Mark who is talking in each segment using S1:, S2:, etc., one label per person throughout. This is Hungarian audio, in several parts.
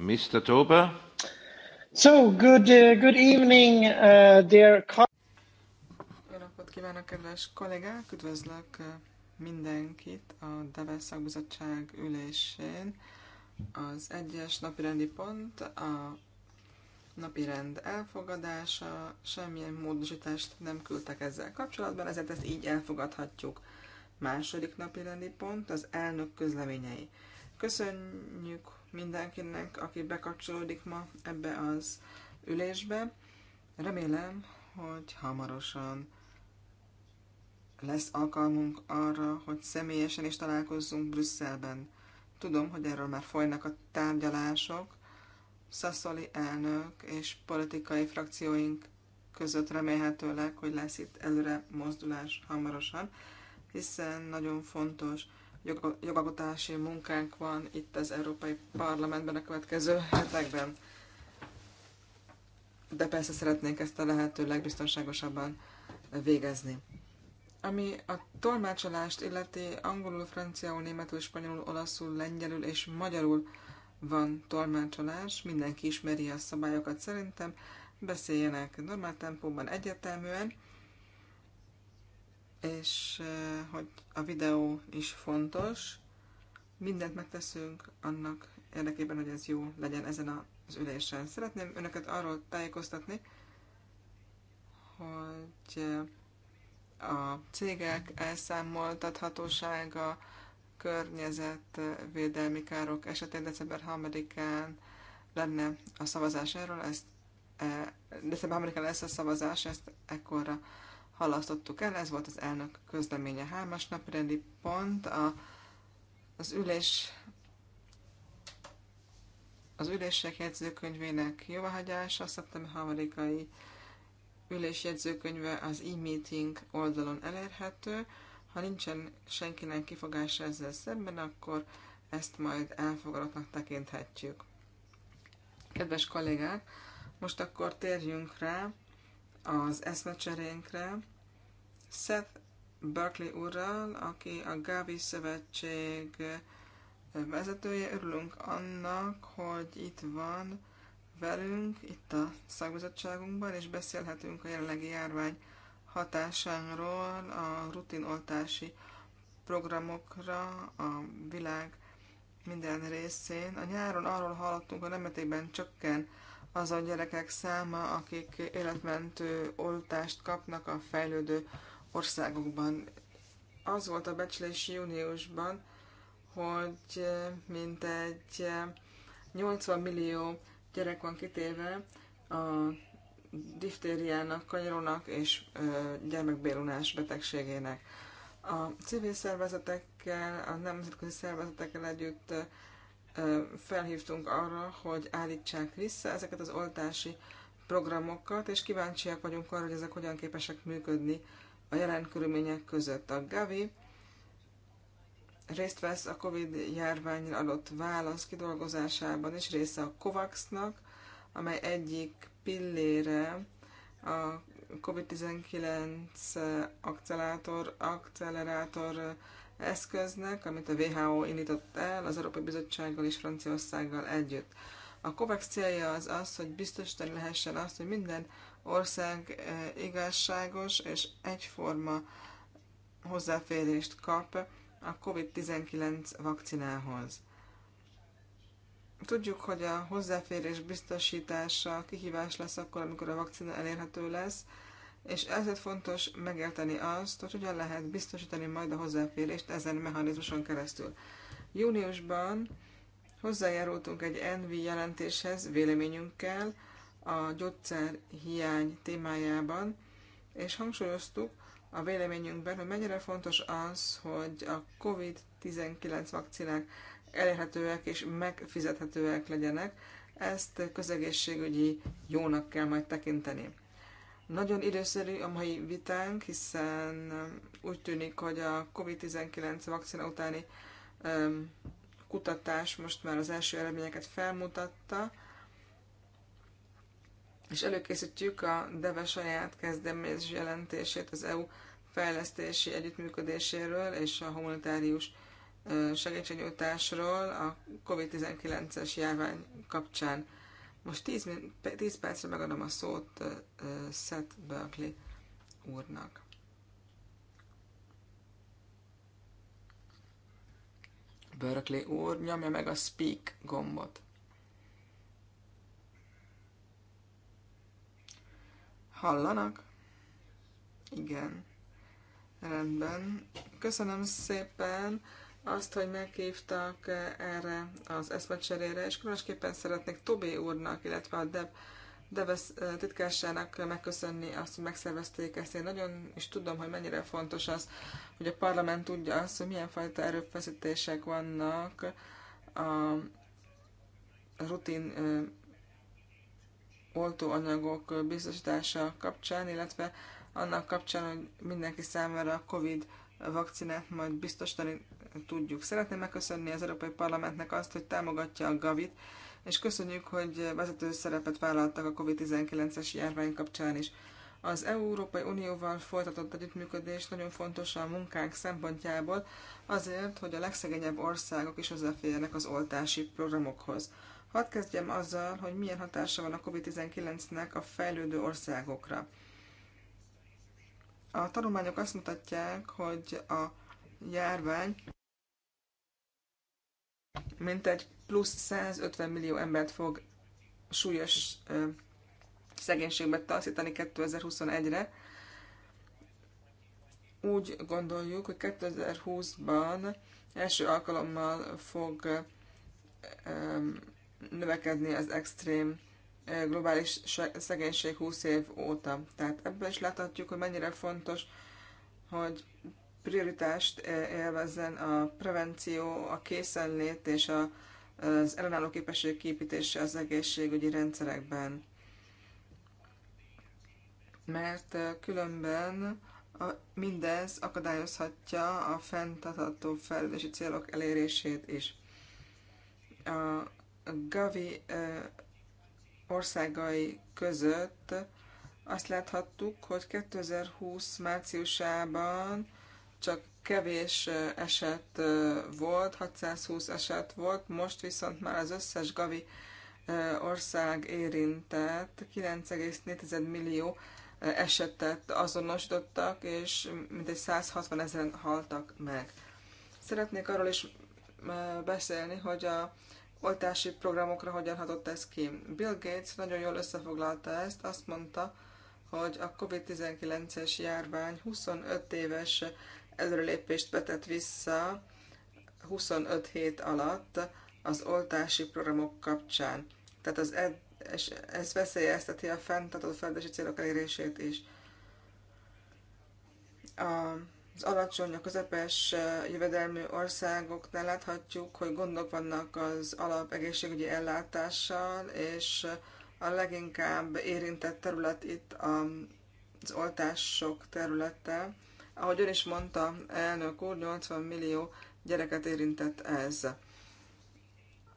S1: Mr. Tober.
S2: So, good, uh, good evening, uh, dear
S3: Jó napot kívánok, kedves kollégák! Üdvözlök uh, mindenkit a Devel Szakbizottság ülésén. Az egyes napirendi pont a napirend elfogadása, semmilyen módosítást nem küldtek ezzel kapcsolatban, ezért ezt így elfogadhatjuk. Második napirendi pont az elnök közleményei. Köszönjük, mindenkinek, aki bekapcsolódik ma ebbe az ülésbe. Remélem, hogy hamarosan lesz alkalmunk arra, hogy személyesen is találkozzunk Brüsszelben. Tudom, hogy erről már folynak a tárgyalások. Szaszoli elnök és politikai frakcióink között remélhetőleg, hogy lesz itt előre mozdulás hamarosan, hiszen nagyon fontos jogalkotási munkánk van itt az Európai Parlamentben a következő hetekben. De persze szeretnénk ezt a lehető legbiztonságosabban végezni. Ami a tolmácsolást illeti, angolul, franciául, németül, spanyolul, olaszul, lengyelül és magyarul van tolmácsolás, mindenki ismeri a szabályokat szerintem, beszéljenek normál tempóban, egyértelműen, és hogy a videó is fontos. Mindent megteszünk annak érdekében, hogy ez jó legyen ezen az ülésen. Szeretném önöket arról tájékoztatni, hogy a cégek elszámoltathatósága, környezetvédelmi károk esetén december 3-án lenne a szavazás erről, ezt, e, december 3-án lesz a szavazás, ezt ekkorra halasztottuk el, ez volt az elnök közleménye. Hármas napirendi pont a, az ülés az ülések jegyzőkönyvének jóváhagyása, szeptember harmadikai ülés jegyzőkönyve az e-meeting oldalon elérhető. Ha nincsen senkinek kifogása ezzel szemben, akkor ezt majd elfogadatnak tekinthetjük. Kedves kollégák, most akkor térjünk rá az eszmecserénkre Seth Berkeley úrral, aki a Gavi Szövetség vezetője. Örülünk annak, hogy itt van velünk, itt a szakbizottságunkban, és beszélhetünk a jelenlegi járvány hatásáról, a rutinoltási programokra a világ minden részén. A nyáron arról hallottunk, hogy nemetékben csökken azon gyerekek száma, akik életmentő oltást kapnak a fejlődő országokban. Az volt a becslés júniusban, hogy eh, mintegy 80 eh, millió gyerek van kitéve a diftériának, kanyarónak és eh, gyermekbélunás betegségének. A civil szervezetekkel, a nemzetközi szervezetekkel együtt felhívtunk arra, hogy állítsák vissza ezeket az oltási programokat, és kíváncsiak vagyunk arra, hogy ezek hogyan képesek működni a jelen körülmények között. A Gavi részt vesz a Covid járványra adott válasz kidolgozásában, és része a COVAX-nak, amely egyik pillére a COVID-19 akcelerátor, accelerátor eszköznek, amit a WHO indított el az Európai Bizottsággal és Franciaországgal együtt. A COVAX célja az az, hogy biztosítani lehessen azt, hogy minden ország eh, igazságos és egyforma hozzáférést kap a COVID-19 vakcinához. Tudjuk, hogy a hozzáférés biztosítása kihívás lesz akkor, amikor a vakcina elérhető lesz, és ezért fontos megérteni azt, hogy hogyan lehet biztosítani majd a hozzáférést ezen mechanizmuson keresztül. Júniusban hozzájárultunk egy NV jelentéshez véleményünkkel a gyógyszer hiány témájában, és hangsúlyoztuk a véleményünkben, hogy mennyire fontos az, hogy a COVID-19 vakcinák elérhetőek és megfizethetőek legyenek, ezt közegészségügyi jónak kell majd tekinteni. Nagyon időszerű a mai vitánk, hiszen um, úgy tűnik, hogy a COVID-19 vakcina utáni um, kutatás most már az első eredményeket felmutatta, és előkészítjük a DEVE saját kezdeményezés jelentését az EU fejlesztési együttműködéséről és a humanitárius uh, segítségnyújtásról a COVID-19-es járvány kapcsán. Most 10, 10 percre megadom a szót uh, Seth Berkeley úrnak. Berkeley úr, nyomja meg a speak gombot. Hallanak? Igen. Rendben. Köszönöm szépen azt, hogy meghívtak eh, erre az eszmecserére, és különösképpen szeretnék Tobi úrnak, illetve a Deb Deves eh, titkársának megköszönni azt, hogy megszervezték ezt. Én nagyon is tudom, hogy mennyire fontos az, hogy a parlament tudja azt, hogy milyen fajta erőfeszítések vannak a rutin eh, oltóanyagok biztosítása kapcsán, illetve annak kapcsán, hogy mindenki számára a COVID vakcinát majd biztosítani tudjuk. Szeretném megköszönni az Európai Parlamentnek azt, hogy támogatja a Gavit, és köszönjük, hogy vezető szerepet vállaltak a COVID-19-es járvány kapcsán is. Az Európai Unióval folytatott együttműködés nagyon fontos a munkánk szempontjából, azért, hogy a legszegényebb országok is hozzáférjenek az oltási programokhoz. Hadd kezdjem azzal, hogy milyen hatása van a COVID-19-nek a fejlődő országokra. A tanulmányok azt mutatják, hogy a járvány mintegy plusz 150 millió embert fog súlyos ö, szegénységbe taszítani 2021-re. Úgy gondoljuk, hogy 2020-ban első alkalommal fog ö, növekedni az extrém globális szegénység 20 év óta. Tehát ebből is láthatjuk, hogy mennyire fontos, hogy prioritást e- élvezzen a prevenció, a készenlét és a, az ellenálló képesség képítése az egészségügyi rendszerekben. Mert e, különben a, mindez akadályozhatja a fenntartható fejlődési célok elérését is. A Gavi e, országai között azt láthattuk, hogy 2020 márciusában csak kevés eset volt, 620 eset volt, most viszont már az összes Gavi ország érintett, 9,4 millió esetet azonosítottak, és mintegy 160 ezeren haltak meg. Szeretnék arról is beszélni, hogy a oltási programokra hogyan hatott ez ki. Bill Gates nagyon jól összefoglalta ezt, azt mondta, hogy a COVID-19-es járvány 25 éves előrelépést vetett vissza 25 hét alatt az oltási programok kapcsán. Tehát az ed- és ez veszélyezteti a fenntartó fejlesztési célok elérését is. Az alacsony, a közepes jövedelmű országoknál láthatjuk, hogy gondok vannak az alapegészségügyi ellátással, és a leginkább érintett terület itt az oltások területe. Ahogy ön is mondta, elnök úr, 80 millió gyereket érintett ez.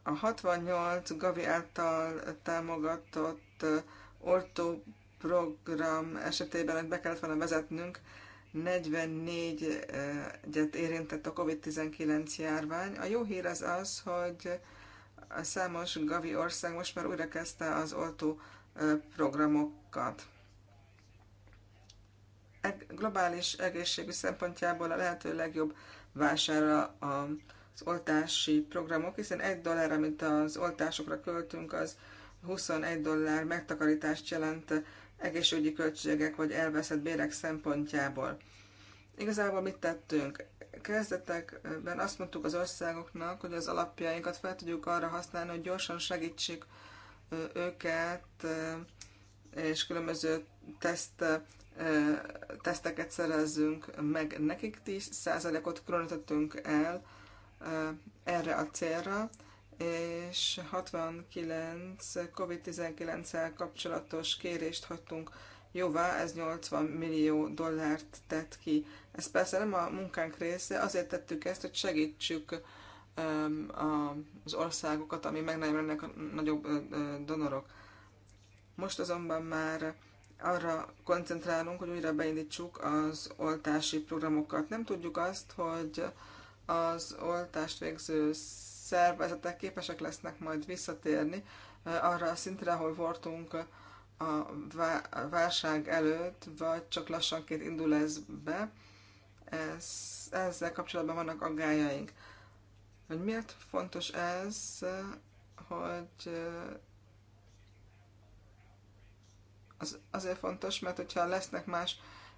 S3: A 68 Gavi által támogatott uh, ortóprogram esetében be kellett volna vezetnünk, 44 uh, et érintett a COVID-19 járvány. A jó hír az az, hogy a számos Gavi ország most már újrakezdte az oltó uh, programokat globális egészségügy szempontjából a lehető legjobb vásárra az oltási programok, hiszen egy dollár, amit az oltásokra költünk, az 21 dollár megtakarítást jelent egészségügyi költségek vagy elveszett bérek szempontjából. Igazából mit tettünk? Kezdetekben azt mondtuk az országoknak, hogy az alapjainkat fel tudjuk arra használni, hogy gyorsan segítsük őket, és különböző teszt teszteket szerezzünk meg nekik, 10%-ot különítettünk el erre a célra, és 69 COVID-19-el kapcsolatos kérést hagytunk jóvá, ez 80 millió dollárt tett ki. Ez persze nem a munkánk része, azért tettük ezt, hogy segítsük az országokat, ami meg nem lennek a nagyobb donorok. Most azonban már arra koncentrálunk, hogy újra beindítsuk az oltási programokat. Nem tudjuk azt, hogy az oltást végző szervezetek képesek lesznek majd visszatérni arra a szintre, ahol voltunk a válság előtt, vagy csak lassanként indul ez be. Ez, ezzel kapcsolatban vannak aggájaink. Hogy miért fontos ez, hogy az azért fontos, mert hogyha lesznek más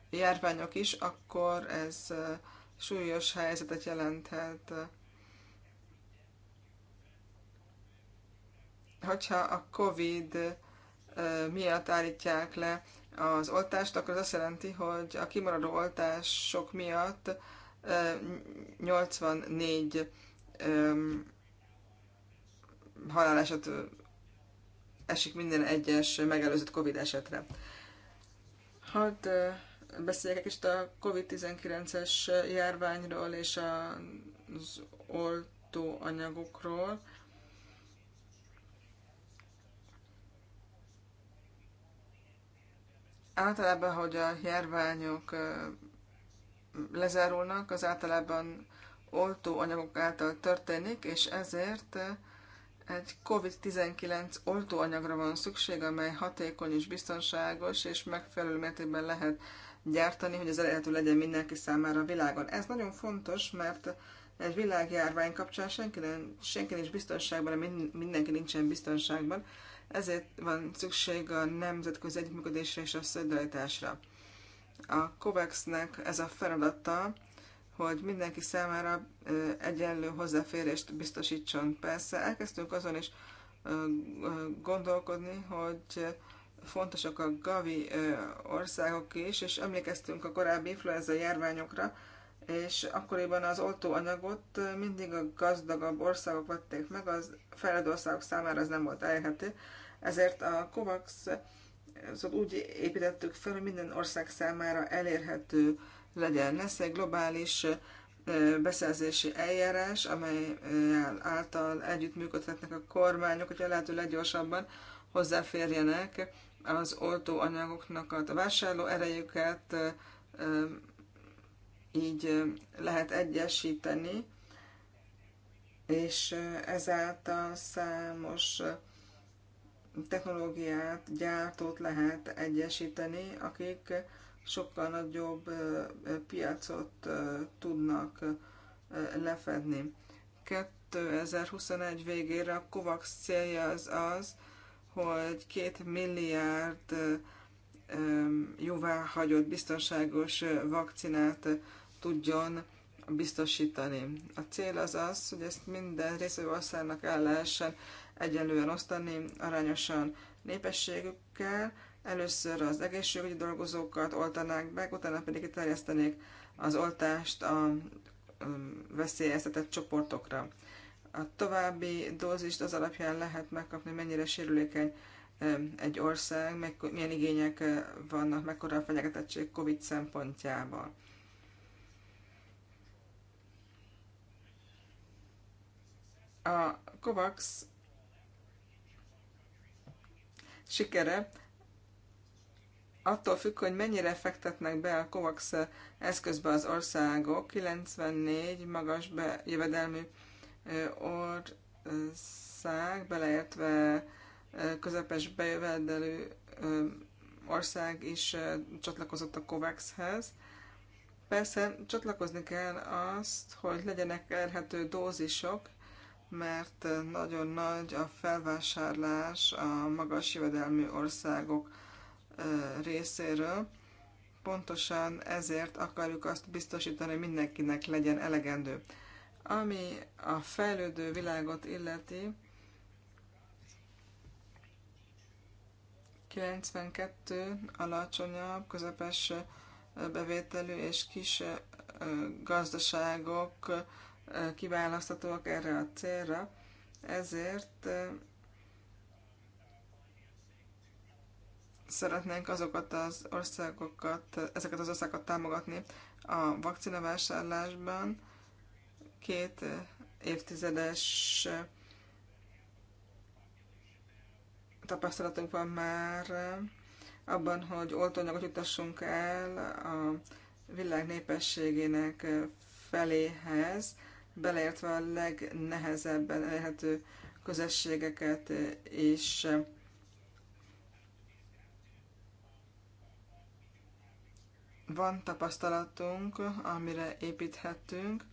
S3: járványok is, akkor ez súlyos helyzetet jelenthet. Hogyha a COVID miatt állítják le az oltást, akkor az azt jelenti, hogy a kimaradó oltások miatt 84 haláleset esik minden egyes megelőzött COVID esetre. Hadd beszéljek egy kicsit a COVID-19-es járványról és az oltóanyagokról. Általában, hogy a járványok lezárulnak, az általában oltóanyagok által történik, és ezért egy COVID-19 oltóanyagra van szükség, amely hatékony és biztonságos, és megfelelő mértékben lehet gyártani, hogy az elérhető legyen mindenki számára a világon. Ez nagyon fontos, mert egy világjárvány kapcsán senki, nem, senki nincs biztonságban, mindenki nincsen biztonságban, ezért van szükség a nemzetközi együttműködésre és a szolidaritásra. A COVAX-nek ez a feladata, hogy mindenki számára egyenlő hozzáférést biztosítson. Persze elkezdtünk azon is gondolkodni, hogy fontosak a Gavi országok is, és emlékeztünk a korábbi influenza járványokra, és akkoriban az oltóanyagot mindig a gazdagabb országok vették meg, az fejlődő országok számára ez nem volt elérhető, ezért a COVAX szóval úgy építettük fel, hogy minden ország számára elérhető legyen. Lesz egy globális beszerzési eljárás, amely által együttműködhetnek a kormányok, hogy a lehető leggyorsabban hozzáférjenek az oltóanyagoknak a vásárló erejüket, így lehet egyesíteni, és ezáltal számos technológiát, gyártót lehet egyesíteni, akik sokkal nagyobb piacot tudnak lefedni. 2021 végére a COVAX célja az az, hogy két milliárd jóváhagyott biztonságos vakcinát tudjon biztosítani. A cél az az, hogy ezt minden részvevő országnak el lehessen egyenlően osztani, arányosan népességükkel, Először az egészségügyi dolgozókat oltanák meg, utána pedig terjesztenék az oltást a um, veszélyeztetett csoportokra. A további dózist az alapján lehet megkapni, mennyire sérülékeny um, egy ország, meg, milyen igények uh, vannak, mekkora a fenyegetettség COVID szempontjából. A COVAX sikere attól függ, hogy mennyire fektetnek be a COVAX eszközbe az országok. 94 magas be, jövedelmű ország, beleértve közepes bejövedelű ország is csatlakozott a COVAX-hez. Persze csatlakozni kell azt, hogy legyenek elhető dózisok, mert nagyon nagy a felvásárlás a magas jövedelmű országok részéről. Pontosan ezért akarjuk azt biztosítani, hogy mindenkinek legyen elegendő. Ami a fejlődő világot illeti, 92 alacsonyabb, közepes bevételű és kis gazdaságok kiválasztatóak erre a célra, ezért szeretnénk azokat az országokat, ezeket az országokat támogatni a vakcinavásárlásban. Két évtizedes tapasztalatunk van már abban, hogy oltóanyagot jutassunk el a világ népességének feléhez, beleértve a legnehezebben elérhető közösségeket és Van tapasztalatunk, amire építhetünk,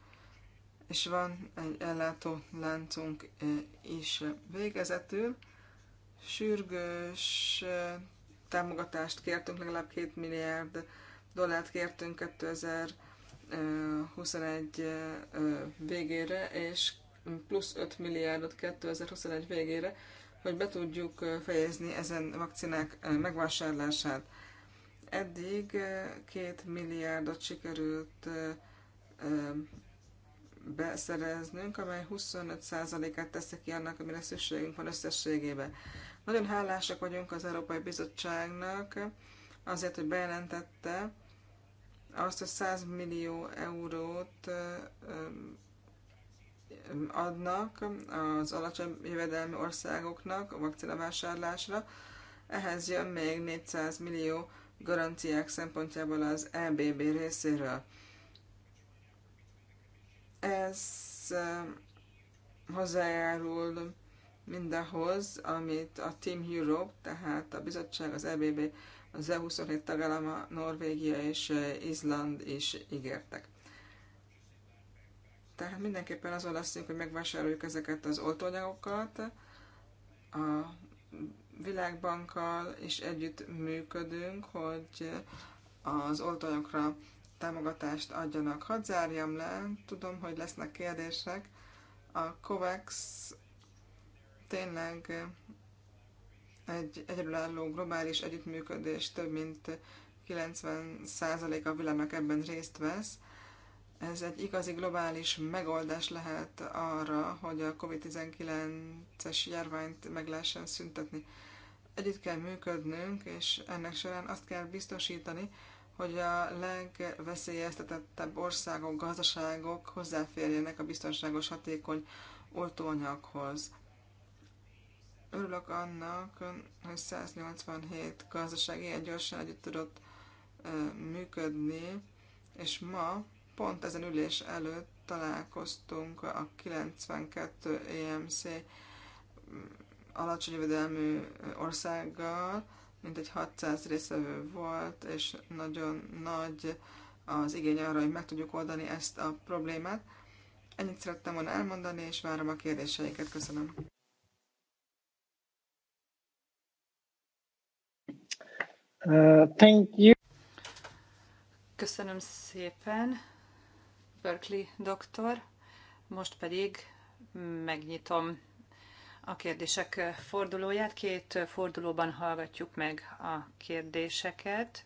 S3: és van egy ellátó láncunk eh, is végezetül. Sürgős eh, támogatást kértünk, legalább 2 milliárd dollárt kértünk 2021 eh, végére, és plusz 5 milliárdot 2021 végére, hogy be tudjuk fejezni ezen vakcinák megvásárlását eddig két milliárdot sikerült beszereznünk, amely 25%-át teszi ki annak, amire szükségünk van összességében. Nagyon hálásak vagyunk az Európai Bizottságnak azért, hogy bejelentette azt, hogy 100 millió eurót adnak az alacsony jövedelmi országoknak a vakcina vásárlásra. Ehhez jön még 400 millió garanciák szempontjából az EBB részéről. Ez um, hozzájárul mindahhoz, amit a Team Europe, tehát a bizottság, az EBB, az EU27 tagállama, Norvégia és uh, Izland is ígértek. Tehát mindenképpen azon leszünk, hogy megvásároljuk ezeket az oltóanyagokat, a világbankkal is együtt működünk, hogy az oltanyokra támogatást adjanak. Hadd zárjam le, tudom, hogy lesznek kérdések. A COVAX tényleg egy egyedülálló globális együttműködés, több mint 90% a világnak ebben részt vesz. Ez egy igazi globális megoldás lehet arra, hogy a COVID-19-es járványt meg lehessen szüntetni együtt kell működnünk, és ennek során azt kell biztosítani, hogy a legveszélyeztetettebb országok, gazdaságok hozzáférjenek a biztonságos, hatékony oltóanyaghoz. Örülök annak, hogy 187 gazdaság ilyen gyorsan együtt tudott működni, és ma pont ezen ülés előtt találkoztunk a 92 EMC alacsony jövedelmű országgal, mint egy 600 részvevő volt, és nagyon nagy az igény arra, hogy meg tudjuk oldani ezt a problémát. Ennyit szerettem volna elmondani, és várom a kérdéseiket. Köszönöm.
S2: Uh, thank you.
S1: Köszönöm szépen, Berkeley doktor. Most pedig megnyitom a kérdések fordulóját. Két fordulóban hallgatjuk meg a kérdéseket.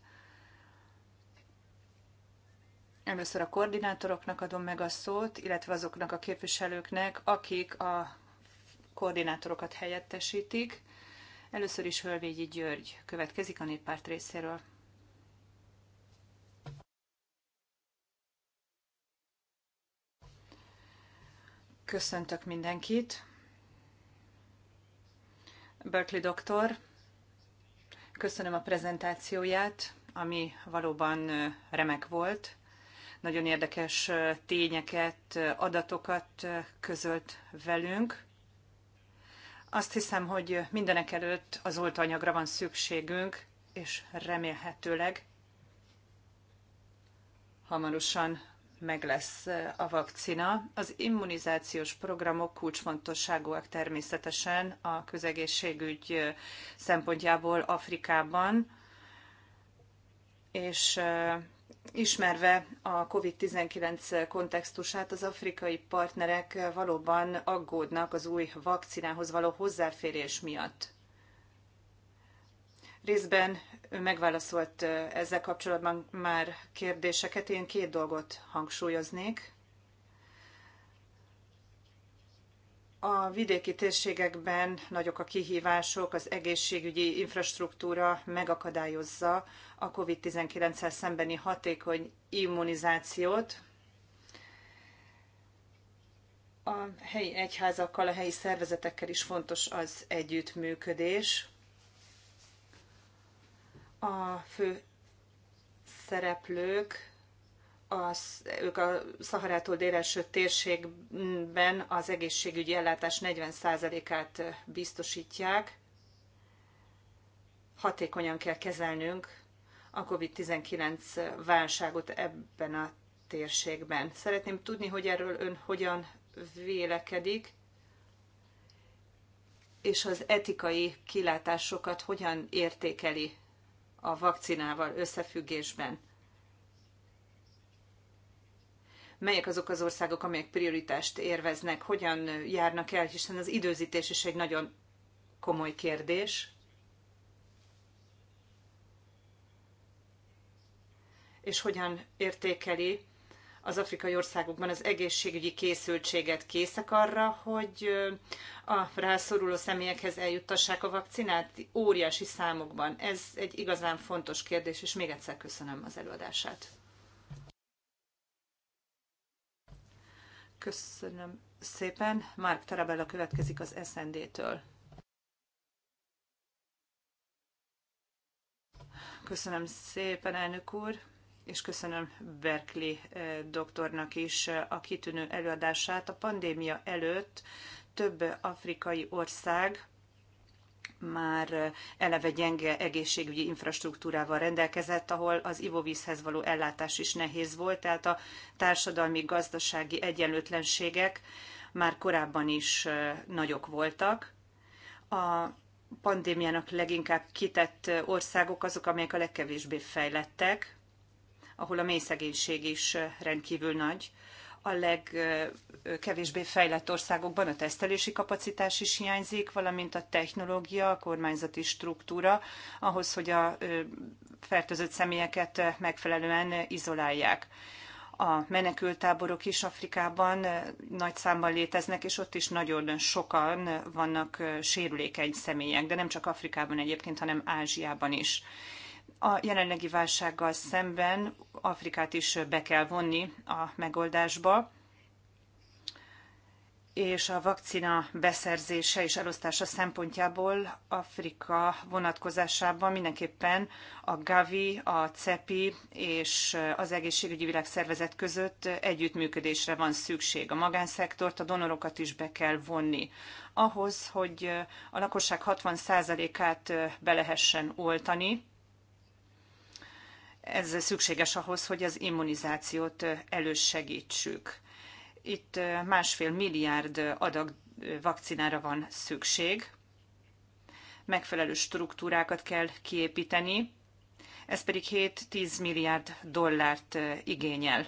S1: Először a koordinátoroknak adom meg a szót, illetve azoknak a képviselőknek, akik a koordinátorokat helyettesítik. Először is Hölvégyi György következik a néppárt részéről. Köszöntök mindenkit! Berkeley doktor, köszönöm a prezentációját, ami valóban remek volt. Nagyon érdekes tényeket, adatokat közölt velünk. Azt hiszem, hogy mindenek előtt az oltóanyagra van szükségünk, és remélhetőleg hamarosan meg lesz a vakcina. Az immunizációs programok kulcsfontosságúak természetesen a közegészségügy szempontjából Afrikában, és ismerve a COVID-19 kontextusát, az afrikai partnerek valóban aggódnak az új vakcinához való hozzáférés miatt. Részben megválaszolt ezzel kapcsolatban már kérdéseket. Én két dolgot hangsúlyoznék. A vidéki térségekben nagyok a kihívások, az egészségügyi infrastruktúra megakadályozza a COVID-19-el szembeni hatékony immunizációt. A helyi egyházakkal, a helyi szervezetekkel is fontos az együttműködés a fő szereplők az, ők a Szaharától déleső térségben az egészségügyi ellátás 40%-át biztosítják. Hatékonyan kell kezelnünk a COVID-19 válságot ebben a térségben. Szeretném tudni, hogy erről ön hogyan vélekedik, és az etikai kilátásokat hogyan értékeli a vakcinával összefüggésben? melyek azok az országok, amelyek prioritást érveznek, hogyan járnak el, hiszen az időzítés is egy nagyon komoly kérdés. És hogyan értékeli az afrikai országokban az egészségügyi készültséget készek arra, hogy a rászoruló személyekhez eljuttassák a vakcinát óriási számokban. Ez egy igazán fontos kérdés, és még egyszer köszönöm az előadását. Köszönöm szépen. Mark Tarabella következik az SND-től. Köszönöm szépen, elnök úr és köszönöm Berkeley eh, doktornak is eh, a kitűnő előadását. A pandémia előtt több afrikai ország már eh, eleve gyenge egészségügyi infrastruktúrával rendelkezett, ahol az ivóvízhez való ellátás is nehéz volt, tehát a társadalmi-gazdasági egyenlőtlenségek már korábban is nagyok voltak. A pandémiának leginkább kitett országok azok, amelyek a legkevésbé fejlettek, ahol a mély szegénység is rendkívül nagy. A legkevésbé fejlett országokban a tesztelési kapacitás is hiányzik, valamint a technológia, a kormányzati struktúra ahhoz, hogy a fertőzött személyeket megfelelően izolálják a menekültáborok is Afrikában nagy számban léteznek, és ott is nagyon sokan vannak sérülékeny személyek, de nem csak Afrikában egyébként, hanem Ázsiában is a jelenlegi válsággal szemben Afrikát is be kell vonni a megoldásba, és a vakcina beszerzése és elosztása szempontjából Afrika vonatkozásában mindenképpen a Gavi, a CEPI és az Egészségügyi Világszervezet között együttműködésre van szükség. A magánszektort, a donorokat is be kell vonni. Ahhoz, hogy a lakosság 60%-át be lehessen oltani, ez szükséges ahhoz, hogy az immunizációt elősegítsük. Itt másfél milliárd adag vakcinára van szükség. Megfelelő struktúrákat kell kiépíteni, ez pedig 7-10 milliárd dollárt igényel.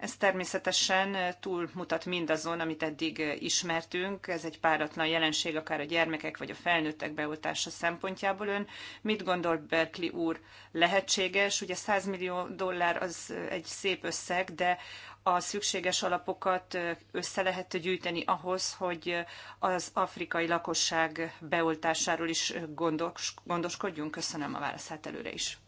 S1: Ez természetesen eh, túlmutat mindazon, amit eddig eh, ismertünk. Ez egy páratlan jelenség, akár a gyermekek vagy a felnőttek beoltása szempontjából. Ön mit gondol, Berkeley úr, lehetséges? Ugye 100 millió dollár az eh, egy szép összeg, de a szükséges alapokat össze lehet gyűjteni ahhoz, hogy az afrikai lakosság beoltásáról is gondos, gondoskodjunk. Köszönöm a válaszát előre is.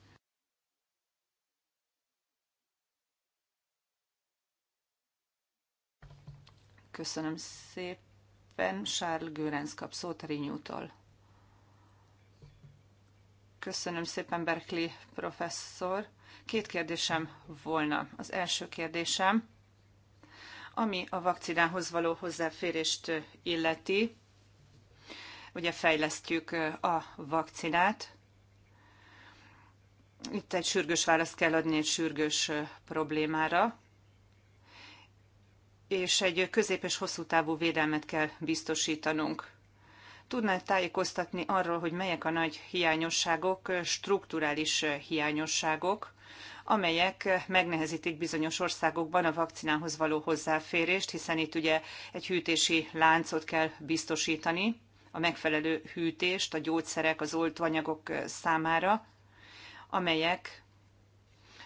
S1: Köszönöm szépen. Sárl Gőrenc kap szót Rinyútól. Köszönöm szépen, Berkeley professzor. Két kérdésem volna. Az első kérdésem, ami a vakcinához való hozzáférést illeti, ugye fejlesztjük a vakcinát. Itt egy sürgős választ kell adni egy sürgős problémára és egy közép- és hosszú távú védelmet kell biztosítanunk. Tudnál tájékoztatni arról, hogy melyek a nagy hiányosságok, strukturális hiányosságok, amelyek megnehezítik bizonyos országokban a vakcinához való hozzáférést, hiszen itt ugye egy hűtési láncot kell biztosítani, a megfelelő hűtést a gyógyszerek, az oltóanyagok számára, amelyek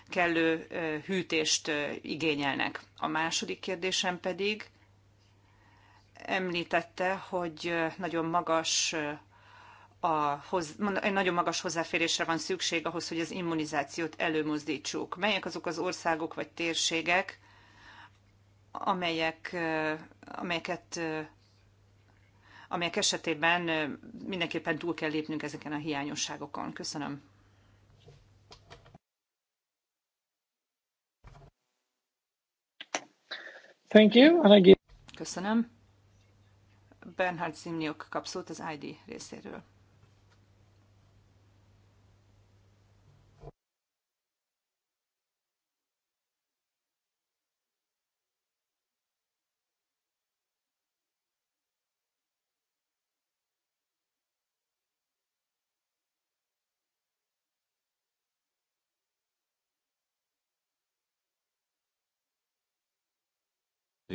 S1: kellő hűtést igényelnek. A második kérdésem pedig említette, hogy nagyon magas a hoz, nagyon magas hozzáférésre van szükség ahhoz, hogy az immunizációt előmozdítsuk. Melyek azok az országok vagy térségek, amelyek, amelyeket, amelyek esetében mindenképpen túl kell lépnünk ezeken a hiányosságokon? Köszönöm.
S2: Thank you, and I give...
S1: Köszönöm. Bernhard Zimniuk kap az ID részéről.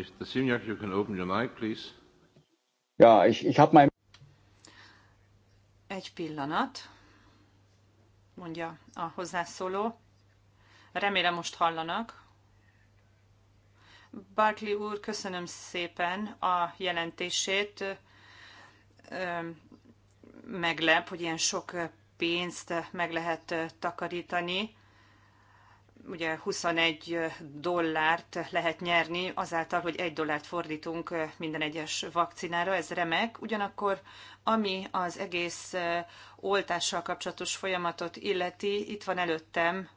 S2: Mr. Simjak, you can open your mic, please. Ja, ich, ich habe mein...
S1: Egy pillanat, mondja a hozzászóló. Remélem most hallanak. Barkley úr, köszönöm szépen a jelentését. Meglep, hogy ilyen sok pénzt meg lehet takarítani ugye 21 dollárt lehet nyerni azáltal, hogy egy dollárt fordítunk minden egyes vakcinára, ez remek. Ugyanakkor ami az egész oltással kapcsolatos folyamatot illeti, itt van előttem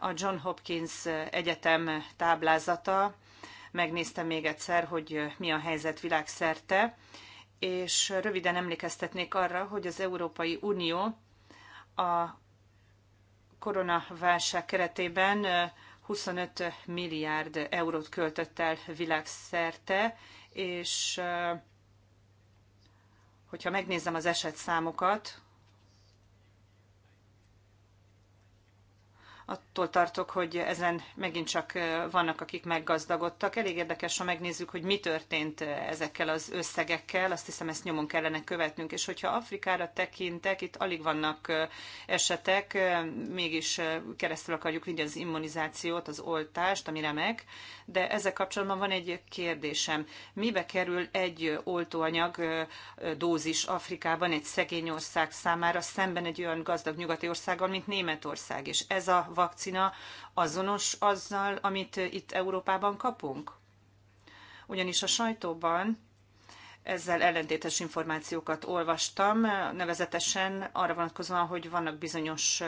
S1: a John Hopkins Egyetem táblázata. Megnéztem még egyszer, hogy mi a helyzet világszerte, és röviden emlékeztetnék arra, hogy az Európai Unió a koronaválság keretében 25 milliárd eurót költött el világszerte, és hogyha megnézem az esetszámokat, attól tartok, hogy ezen megint csak vannak, akik meggazdagodtak. Elég érdekes, ha megnézzük, hogy mi történt ezekkel az összegekkel, azt hiszem ezt nyomon kellene követnünk, és hogyha Afrikára tekintek, itt alig vannak esetek, mégis keresztül akarjuk vinni az immunizációt, az oltást, ami remek, de ezzel kapcsolatban van egy kérdésem. Mibe kerül egy oltóanyag dózis Afrikában egy szegény ország számára szemben egy olyan gazdag nyugati országgal, mint Németország, és ez a vakcina azonos azzal, amit itt Európában kapunk? Ugyanis a sajtóban ezzel ellentétes információkat olvastam, nevezetesen arra vonatkozóan, hogy vannak bizonyos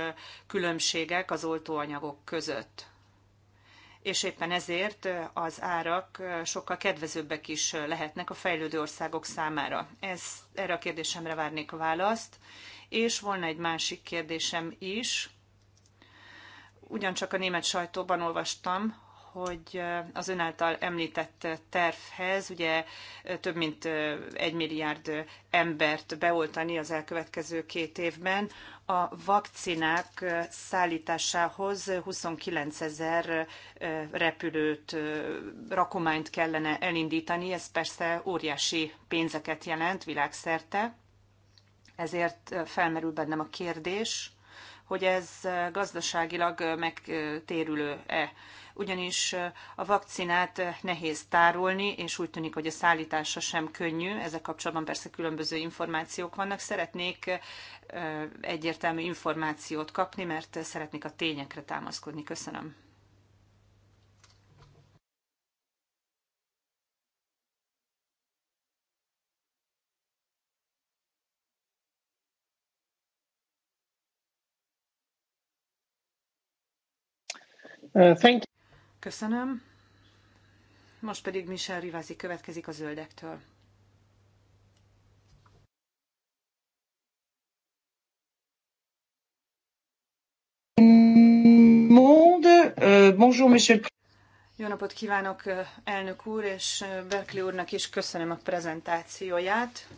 S1: különbségek az oltóanyagok között. És éppen ezért az árak sokkal kedvezőbbek is lehetnek a fejlődő országok számára. Ez, erre a kérdésemre várnék a választ. És volna egy másik kérdésem is, ugyancsak a német sajtóban olvastam, hogy az ön által említett tervhez ugye több mint egy milliárd embert beoltani az elkövetkező két évben, a vakcinák szállításához 29 ezer repülőt, rakományt kellene elindítani, ez persze óriási pénzeket jelent világszerte, ezért felmerül bennem a kérdés, hogy ez gazdaságilag megtérülő-e. Ugyanis a vakcinát nehéz tárolni, és úgy tűnik, hogy a szállítása sem könnyű. Ezzel kapcsolatban persze különböző információk vannak. Szeretnék egyértelmű információt kapni, mert szeretnék a tényekre támaszkodni. Köszönöm.
S2: Uh, thank you. Köszönöm.
S1: Most pedig Michel Rivázi következik a zöldektől. Monde, uh, bonjour, monsieur. Jó napot kívánok, euh, elnök úr, és euh, Berkli úrnak is köszönöm a prezentációját.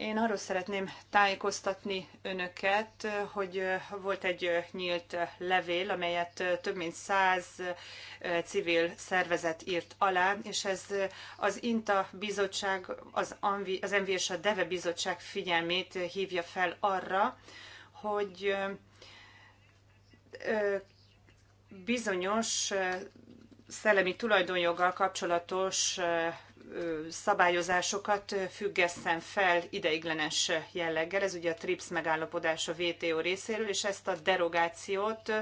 S1: Én arról szeretném tájékoztatni önöket, hogy volt egy nyílt levél, amelyet több mint száz civil szervezet írt alá, és ez az INTA bizottság, az, ANVI, az MV és a DEVE bizottság figyelmét hívja fel arra, hogy bizonyos szellemi tulajdonjoggal kapcsolatos szabályozásokat függesszen fel ideiglenes jelleggel. Ez ugye a TRIPS megállapodás a WTO részéről, és ezt a derogációt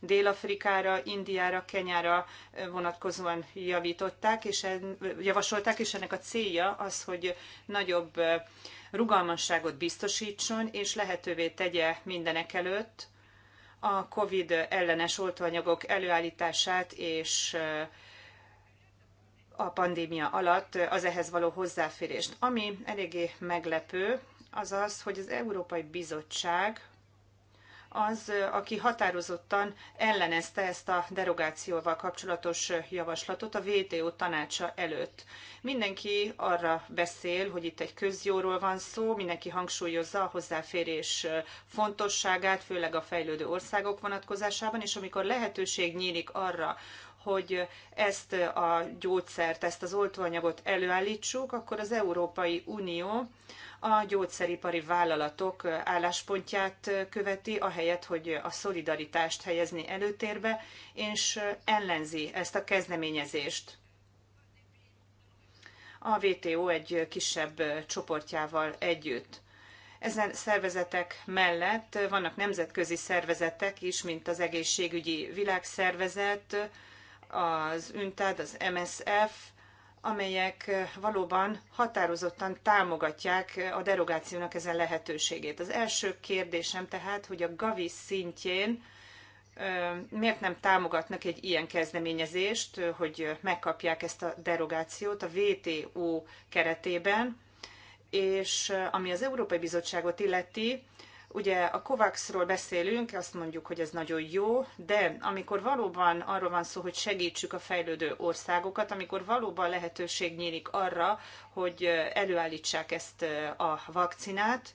S1: Dél-Afrikára, Indiára, Kenyára vonatkozóan javították, és en, javasolták, és ennek a célja az, hogy nagyobb rugalmasságot biztosítson, és lehetővé tegye mindenek előtt a COVID ellenes oltóanyagok előállítását és a pandémia alatt az ehhez való hozzáférést. Ami eléggé meglepő, az az, hogy az Európai Bizottság az, aki határozottan ellenezte ezt a derogációval kapcsolatos javaslatot a VTO tanácsa előtt. Mindenki arra beszél, hogy itt egy közjóról van szó, mindenki hangsúlyozza a hozzáférés fontosságát, főleg a fejlődő országok vonatkozásában, és amikor lehetőség nyílik arra, hogy ezt a gyógyszert, ezt az oltóanyagot előállítsuk, akkor az Európai Unió a gyógyszeripari vállalatok álláspontját követi, ahelyett, hogy a szolidaritást helyezni előtérbe, és ellenzi ezt a kezdeményezést. A WTO egy kisebb csoportjával együtt. Ezen szervezetek mellett vannak nemzetközi szervezetek is, mint az Egészségügyi Világszervezet, az UNTAD, az MSF, amelyek valóban határozottan támogatják a derogációnak ezen lehetőségét. Az első kérdésem tehát, hogy a GAVI szintjén miért nem támogatnak egy ilyen kezdeményezést, hogy megkapják ezt a derogációt a WTO keretében, és ami az Európai Bizottságot illeti, Ugye a COVAX-ról beszélünk, azt mondjuk, hogy ez nagyon jó, de amikor valóban arról van szó, hogy segítsük a fejlődő országokat, amikor valóban lehetőség nyílik arra, hogy előállítsák ezt eh, a vakcinát,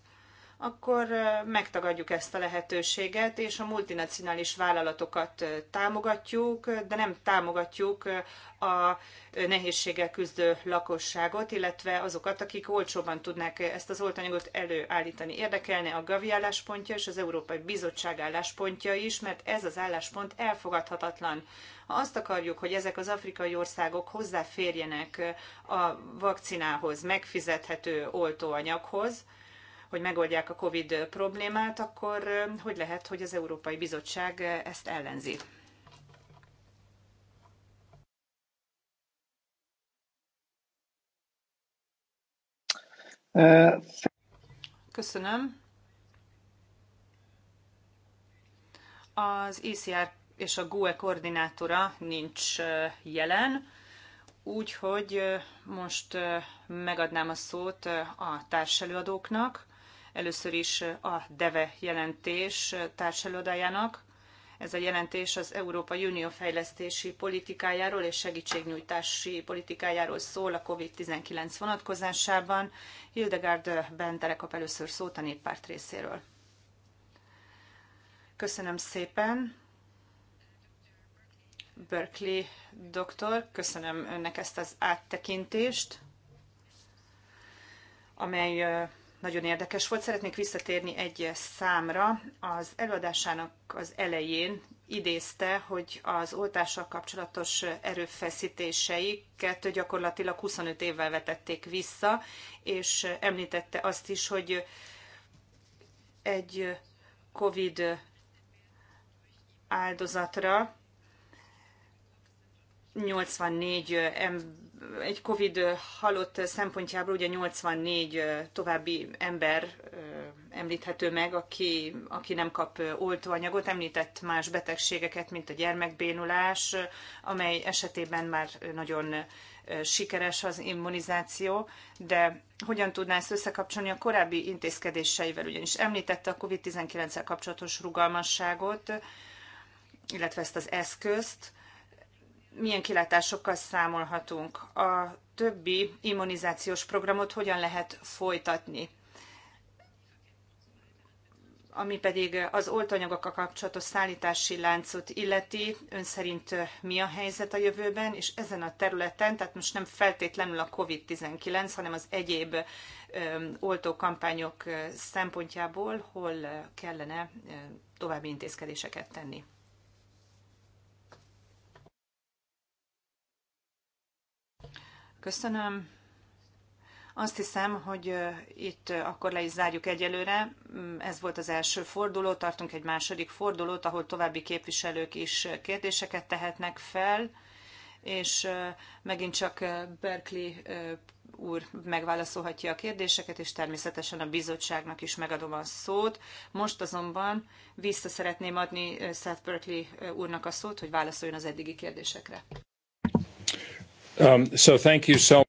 S1: akkor megtagadjuk ezt a lehetőséget, és a multinacionális vállalatokat támogatjuk, de nem támogatjuk a nehézséggel küzdő lakosságot, illetve azokat, akik olcsóban tudnák ezt az oltanyagot előállítani. Érdekelne a Gavi álláspontja és az Európai Bizottság álláspontja is, mert ez az álláspont elfogadhatatlan. Ha azt akarjuk, hogy ezek az afrikai országok hozzáférjenek a vakcinához, megfizethető oltóanyaghoz, hogy megoldják a COVID problémát, akkor hogy lehet, hogy az Európai Bizottság ezt ellenzi? Köszönöm. Az ICR e és a GUE koordinátora nincs jelen, úgyhogy most megadnám a szót a társelőadóknak először is a DEVE jelentés társelőadájának. Ez a jelentés az Európai Unió fejlesztési politikájáról és segítségnyújtási politikájáról szól a COVID-19 vonatkozásában. Hildegard Bentele kap először szót a néppárt részéről. Köszönöm szépen. Berkeley doktor, köszönöm önnek ezt az áttekintést, amely nagyon érdekes volt. Szeretnék visszatérni egy számra. Az előadásának az elején idézte, hogy az oltással kapcsolatos erőfeszítéseiket gyakorlatilag 25 évvel vetették vissza, és említette azt is, hogy egy COVID áldozatra 84 ember egy Covid halott szempontjából ugye 84 további ember említhető meg, aki, aki nem kap oltóanyagot, említett más betegségeket, mint a gyermekbénulás, amely esetében már nagyon sikeres az immunizáció, de hogyan tudná ezt összekapcsolni a korábbi intézkedéseivel, ugyanis említette a COVID-19-el kapcsolatos rugalmasságot, illetve ezt az eszközt, milyen kilátásokkal számolhatunk? A többi immunizációs programot hogyan lehet folytatni? Ami pedig az oltanyagokkal kapcsolatos szállítási láncot illeti, ön szerint mi a helyzet a jövőben, és ezen a területen, tehát most nem feltétlenül a COVID-19, hanem az egyéb oltókampányok szempontjából, hol kellene további intézkedéseket tenni? Köszönöm. Azt hiszem, hogy itt akkor le is zárjuk egyelőre. Mm, ez volt az első forduló, tartunk egy második fordulót, ahol további képviselők is kérdéseket tehetnek fel, és megint csak Berkeley úr megválaszolhatja a kérdéseket, és természetesen a bizottságnak is megadom a szót. Most azonban vissza szeretném adni Seth Berkeley úrnak a szót, hogy válaszoljon az eddigi kérdésekre.
S3: Um, so thank you so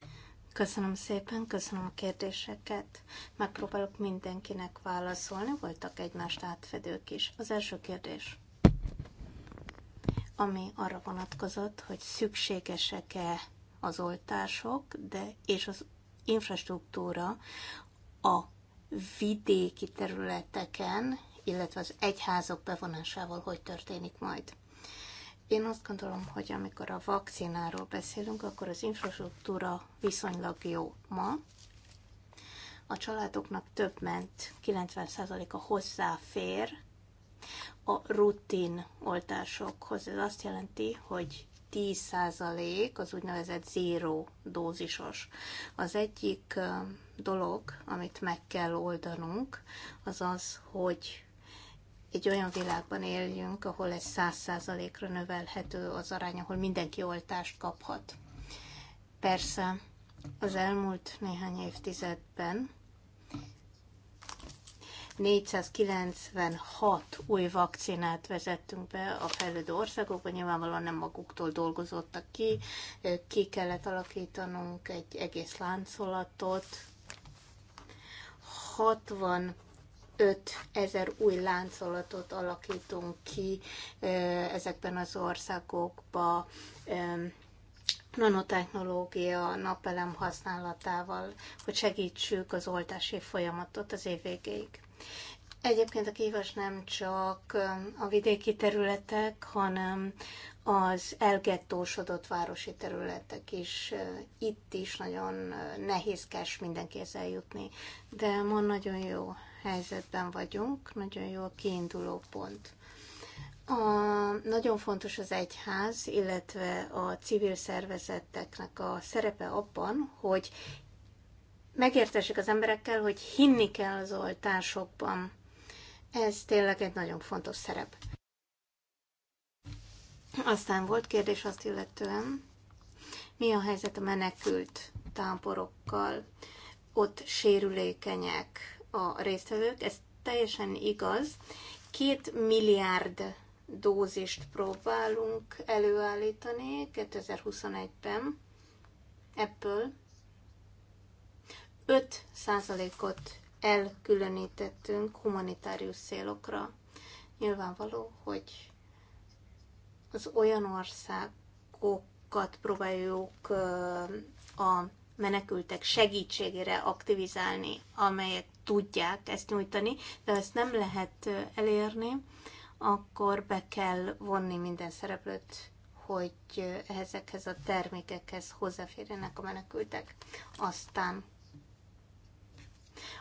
S4: Köszönöm szépen, köszönöm a kérdéseket. Megpróbálok mindenkinek válaszolni, voltak egymást átfedők is. Az első kérdés, ami arra vonatkozott, hogy szükségesek-e az oltások, de és az infrastruktúra a vidéki területeken, illetve az egyházok bevonásával hogy történik majd. Én azt gondolom, hogy amikor a vakcináról beszélünk, akkor az infrastruktúra viszonylag jó ma. A családoknak több ment, 90%-a hozzáfér a rutin oltásokhoz. Ez azt jelenti, hogy 10% az úgynevezett zéró dózisos. Az egyik dolog, amit meg kell oldanunk, az az, hogy egy olyan világban éljünk, ahol egy száz százalékra növelhető az arány, ahol mindenki oltást kaphat. Persze az elmúlt néhány évtizedben 496 új vakcinát vezettünk be a fejlődő országokban, nyilvánvalóan nem maguktól dolgozottak ki, ki kellett alakítanunk egy egész láncolatot, 60 5000 új láncolatot alakítunk ki ezekben az országokba, nanotechnológia, napelem használatával, hogy segítsük az oltási folyamatot az év végéig. Egyébként a kívás nem csak a vidéki területek, hanem az elgettósodott városi területek is. Itt is nagyon nehézkes mindenkihez eljutni, de ma nagyon jó helyzetben vagyunk, nagyon jó a kiinduló pont. A, nagyon fontos az egyház, illetve a civil szervezeteknek a szerepe abban, hogy megértessék az emberekkel, hogy hinni kell az oltásokban. Ez tényleg egy nagyon fontos szerep. Aztán volt kérdés azt illetően, mi a helyzet a menekült táborokkal? Ott sérülékenyek, a résztvevők, ez teljesen igaz. Két milliárd dózist próbálunk előállítani 2021-ben ebből. 5%-ot elkülönítettünk humanitárius célokra. Nyilvánvaló, hogy az olyan országokat próbáljuk a menekültek segítségére aktivizálni, amelyek tudják ezt nyújtani, de ezt nem lehet elérni, akkor be kell vonni minden szereplőt, hogy ezekhez a termékekhez hozzáférjenek a menekültek. Aztán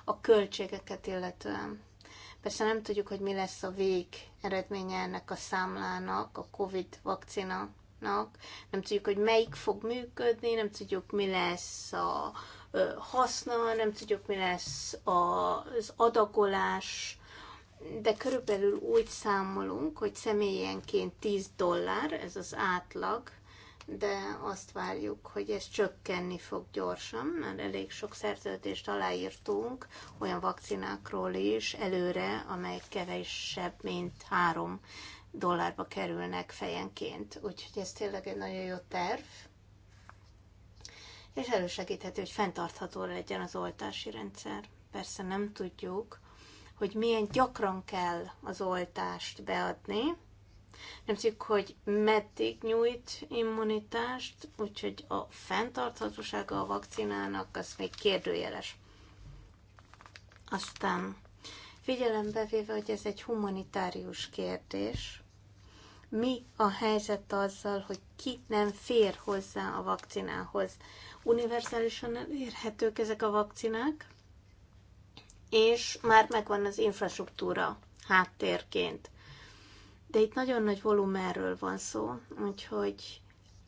S4: a költségeket illetően. Persze nem tudjuk, hogy mi lesz a vég eredménye ennek a számlának, a COVID vakcina fognak, nem tudjuk, hogy melyik fog működni, nem tudjuk, mi lesz a haszna, nem tudjuk, mi lesz az adagolás, de körülbelül úgy számolunk, hogy személyenként 10 dollár, ez az átlag, de azt várjuk, hogy ez csökkenni fog gyorsan, mert elég sok szerződést aláírtunk olyan vakcinákról is előre, amely kevesebb, mint három dollárba kerülnek fejenként. Úgyhogy ez tényleg egy nagyon jó terv, és elősegíthető, hogy fenntartható legyen az oltási rendszer. Persze nem tudjuk, hogy milyen gyakran kell az oltást beadni, nem tudjuk, hogy meddig nyújt immunitást, úgyhogy a fenntarthatósága a vakcinának az még kérdőjeles. Aztán figyelembe véve, hogy ez egy humanitárius kérdés, mi a helyzet azzal, hogy ki nem fér hozzá a vakcinához. Univerzálisan elérhetők ezek a vakcinák, és már megvan az infrastruktúra háttérként. De itt nagyon nagy volumenről van szó, úgyhogy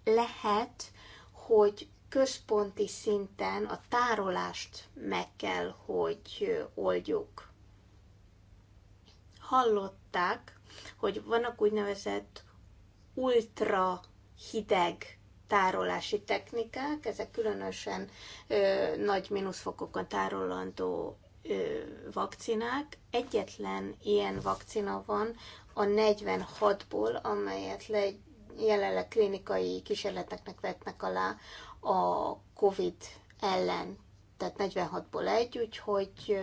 S4: lehet, hogy központi szinten a tárolást meg kell, hogy oldjuk. Hallották, hogy vannak úgynevezett ultra hideg tárolási technikák, ezek különösen ö, nagy mínuszfokokon tárolandó ö, vakcinák. Egyetlen ilyen vakcina van a 46-ból, amelyet le, jelenleg klinikai kísérleteknek vetnek alá a COVID ellen, tehát 46-ból egy, úgyhogy ö,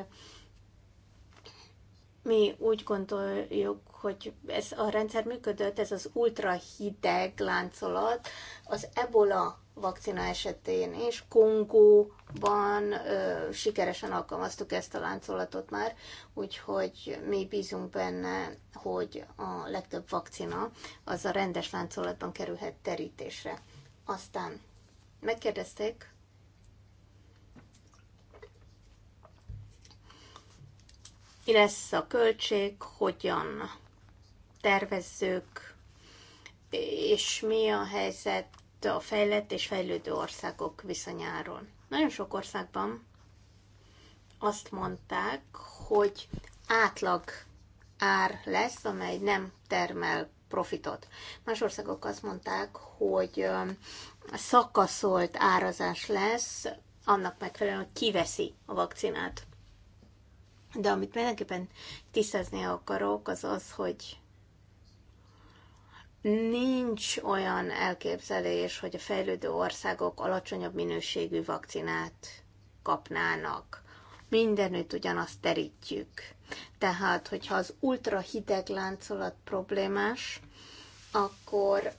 S4: mi úgy gondoljuk, hogy ez a rendszer működött, ez az ultra hideg láncolat az ebola vakcina esetén és Kongóban ö, sikeresen alkalmaztuk ezt a láncolatot már, úgyhogy mi bízunk benne, hogy a legtöbb vakcina az a rendes láncolatban kerülhet terítésre. Aztán megkérdezték, mi lesz a költség, hogyan tervezzük, és mi a helyzet a fejlett és fejlődő országok viszonyáról. Nagyon sok országban azt mondták, hogy átlag ár lesz, amely nem termel profitot. Más országok azt mondták, hogy szakaszolt árazás lesz, annak megfelelően, hogy kiveszi a vakcinát. De amit mindenképpen tisztázni akarok, az az, hogy nincs olyan elképzelés, hogy a fejlődő országok alacsonyabb minőségű vakcinát kapnának. Mindenütt ugyanazt terítjük. Tehát, hogyha az ultrahideg láncolat problémás, akkor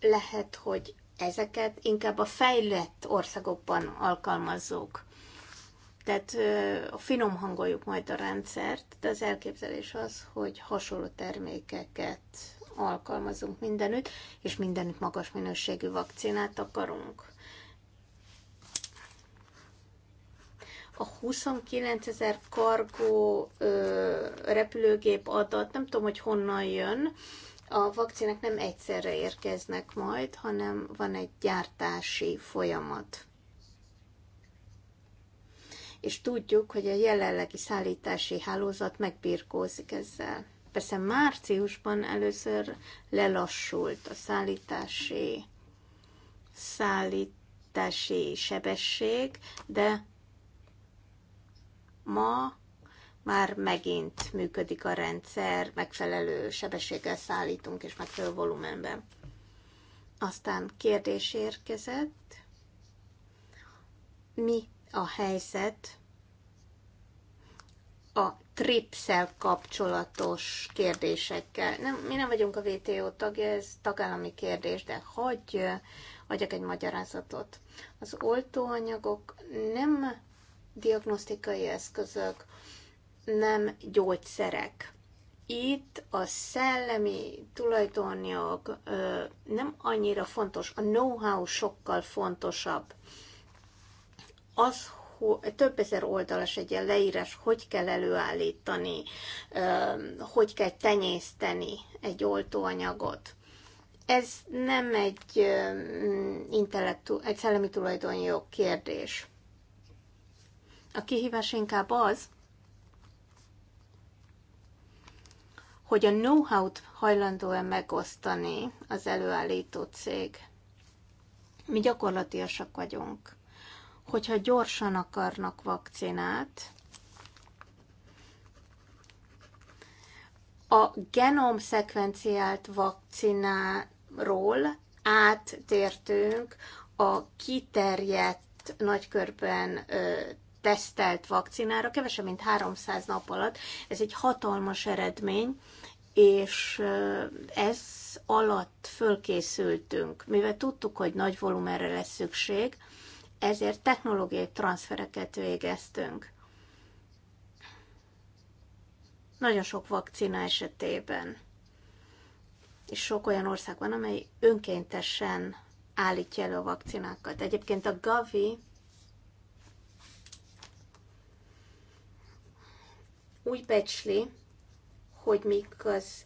S4: lehet, hogy ezeket inkább a fejlett országokban alkalmazzuk tehát a finom hangoljuk majd a rendszert, de az elképzelés az, hogy hasonló termékeket alkalmazunk mindenütt, és mindenütt magas minőségű vakcinát akarunk. A 29 ezer kargó ö, repülőgép adat, nem tudom, hogy honnan jön, a vakcinák nem egyszerre érkeznek majd, hanem van egy gyártási folyamat és tudjuk, hogy a jelenlegi szállítási hálózat megbirkózik ezzel. Persze márciusban először lelassult a szállítási, szállítási sebesség, de ma már megint működik a rendszer, megfelelő sebességgel szállítunk és megfelelő volumenben. Aztán kérdés érkezett, mi a helyzet a tripszel kapcsolatos kérdésekkel. Nem, mi nem vagyunk a VTO tagja, ez tagállami kérdés, de hagyj adjak egy magyarázatot. Az oltóanyagok nem diagnosztikai eszközök, nem gyógyszerek. Itt a szellemi tulajdonjog nem annyira fontos, a know-how sokkal fontosabb az, hogy több ezer oldalas egy ilyen leírás, hogy kell előállítani, hogy kell tenyészteni egy oltóanyagot. Ez nem egy, intellektu, egy szellemi tulajdonjog kérdés. A kihívás inkább az, hogy a know-how-t hajlandó-e megosztani az előállító cég. Mi gyakorlatiasak vagyunk hogyha gyorsan akarnak vakcinát, a genom szekvenciált vakcináról áttértünk a kiterjedt nagykörben ö, tesztelt vakcinára, kevesebb mint 300 nap alatt. Ez egy hatalmas eredmény, és ez alatt fölkészültünk, mivel tudtuk, hogy nagy volumenre lesz szükség, ezért technológiai transfereket végeztünk. Nagyon sok vakcina esetében. És sok olyan ország van, amely önkéntesen állítja elő a vakcinákat. Egyébként a Gavi úgy becsli, hogy mik az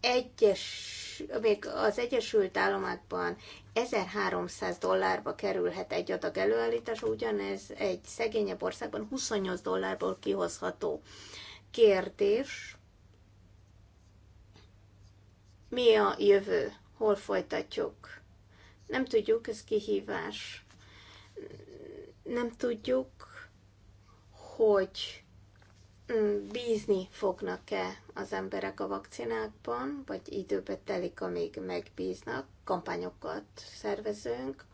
S4: egyes, még az Egyesült Államokban 1300 dollárba kerülhet egy adag előállítás, ugyanez egy szegényebb országban 28 dollárból kihozható. Kérdés, mi a jövő? Hol folytatjuk? Nem tudjuk, ez kihívás. Nem tudjuk, hogy Mm, bízni fognak-e az emberek a vakcinákban, vagy időbe telik, amíg megbíznak, kampányokat szervezünk,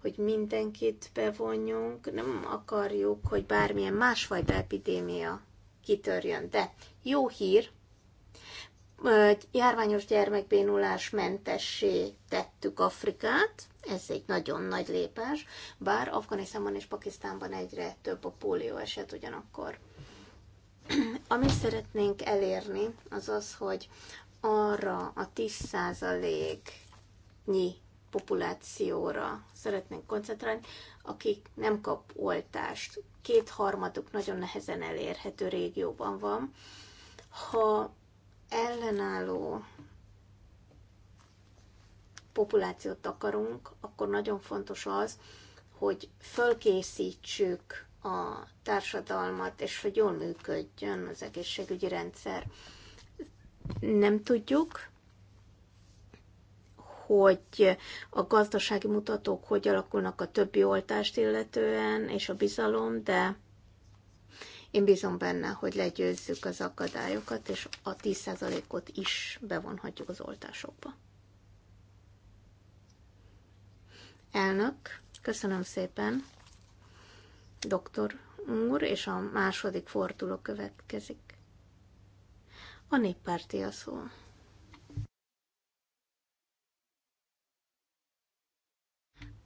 S4: hogy mindenkit bevonjunk, nem akarjuk, hogy bármilyen másfajta epidémia kitörjön. De jó hír, hogy járványos gyermekbénulás mentessé tettük Afrikát, ez egy nagyon nagy lépés, bár Afganisztánban és Pakisztánban egyre több a pólió eset ugyanakkor. Amit szeretnénk elérni, az az, hogy arra a 10%-nyi populációra szeretnénk koncentrálni, akik nem kap oltást. Kétharmaduk nagyon nehezen elérhető régióban van. Ha ellenálló populációt akarunk, akkor nagyon fontos az, hogy fölkészítsük a társadalmat, és hogy jól működjön az egészségügyi rendszer. Nem tudjuk, hogy a gazdasági mutatók hogy alakulnak a többi oltást illetően, és a bizalom, de én bízom benne, hogy legyőzzük az akadályokat, és a 10%-ot is bevonhatjuk az oltásokba. Elnök, köszönöm szépen! doktor úr, és a második forduló következik. A néppárti a szó.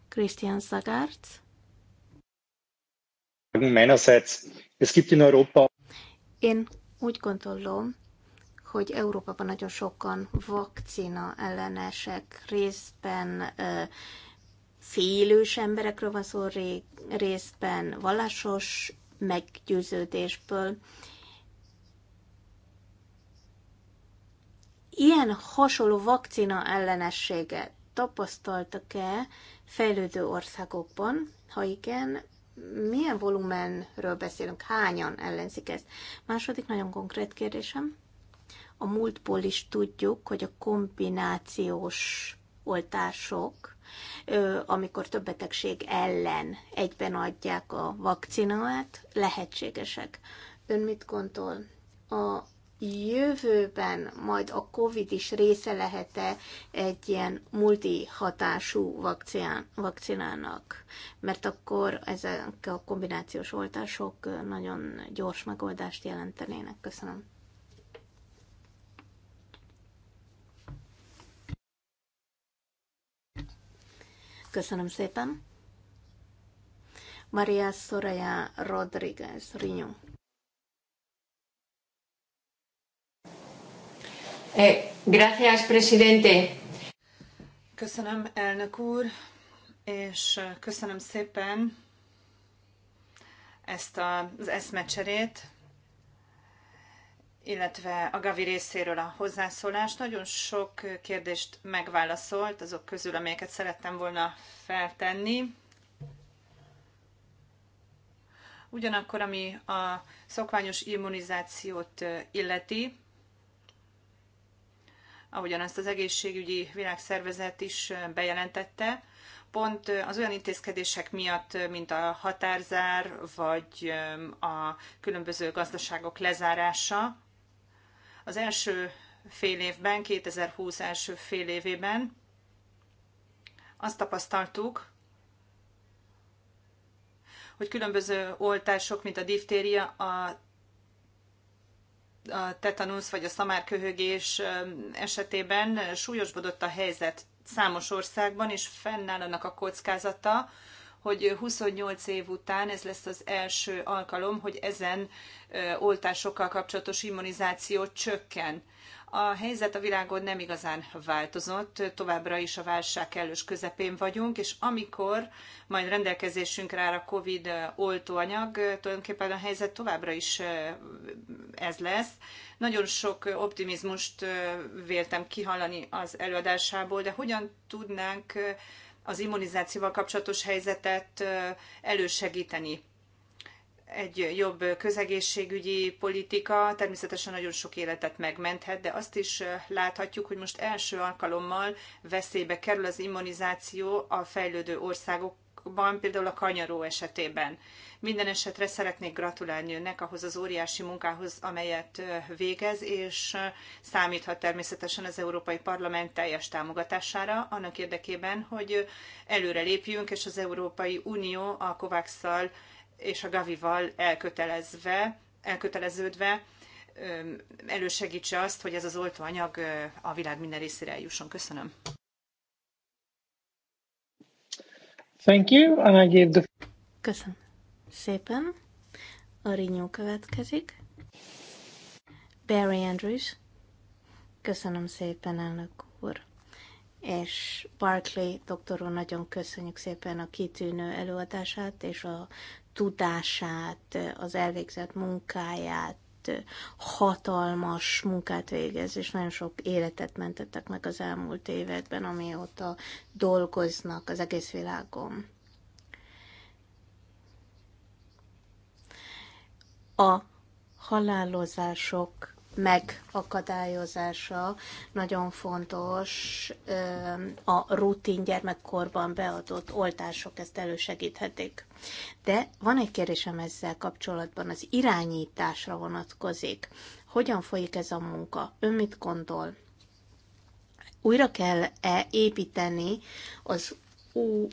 S4: Christian Szagárt.
S2: Meinerseits, es gibt in Europa...
S4: Én úgy gondolom, hogy Európában nagyon sokan vakcina ellenesek, részben félős emberekről van szó részben, vallásos meggyőződésből. Ilyen hasonló vakcina ellenességet tapasztaltak-e fejlődő országokban? Ha igen, milyen volumenről beszélünk? Hányan ellenzik ezt? Második nagyon konkrét kérdésem. A múltból is tudjuk, hogy a kombinációs oltások amikor több betegség ellen egyben adják a vakcinát, lehetségesek. Ön mit gondol? A jövőben majd a COVID is része lehet-e egy ilyen multihatású vakcián, vakcinának? Mert akkor ezek a kombinációs oltások nagyon gyors megoldást jelentenének. Köszönöm. Köszönöm szépen. Maria Soraya Rodriguez Rinyó. Eh, gracias, presidente.
S1: Köszönöm, elnök úr, és köszönöm szépen ezt az eszmecserét illetve a Gavi részéről a hozzászólás. Nagyon sok kérdést megválaszolt, azok közül, amelyeket szerettem volna feltenni. Ugyanakkor, ami a szokványos immunizációt illeti, ahogyan azt az egészségügyi világszervezet is bejelentette, pont az olyan intézkedések miatt, mint a határzár, vagy a különböző gazdaságok lezárása, az első fél évben, 2020 első fél évében azt tapasztaltuk, hogy különböző oltások, mint a diftéria, a a tetanusz vagy a szamárköhögés esetében súlyosbodott a helyzet számos országban, és fennáll annak a kockázata, hogy 28 év után ez lesz az első alkalom, hogy ezen oltásokkal kapcsolatos immunizáció csökken. A helyzet a világon nem igazán változott, továbbra is a válság kellős közepén vagyunk, és amikor majd rendelkezésünkre áll a COVID oltóanyag, tulajdonképpen a helyzet továbbra is ez lesz. Nagyon sok optimizmust véltem kihallani az előadásából, de hogyan tudnánk az immunizációval kapcsolatos helyzetet elősegíteni. Egy jobb közegészségügyi politika természetesen nagyon sok életet megmenthet, de azt is láthatjuk, hogy most első alkalommal veszélybe kerül az immunizáció a fejlődő országok országokban, például a kanyaró esetében. Minden esetre szeretnék gratulálni önnek ahhoz az óriási munkához, amelyet végez, és számíthat természetesen az Európai Parlament teljes támogatására, annak érdekében, hogy előre lépjünk, és az Európai Unió a covax és a Gavival elkötelezve, elköteleződve elősegítse azt, hogy ez az oltóanyag a világ minden részére eljusson. Köszönöm.
S2: Thank you, and I give the...
S4: Köszönöm szépen. Arinyó következik. Barry Andrews. Köszönöm szépen, elnök úr. És Barclay doktor úr, nagyon köszönjük szépen a kitűnő előadását és a tudását, az elvégzett munkáját, hatalmas munkát végez, és nagyon sok életet mentettek meg az elmúlt években, amióta dolgoznak az egész világon. A halálozások megakadályozása nagyon fontos. A rutin gyermekkorban beadott oltások ezt elősegíthetik. De van egy kérdésem ezzel kapcsolatban, az irányításra vonatkozik. Hogyan folyik ez a munka? Ön mit gondol? Újra kell-e építeni az ú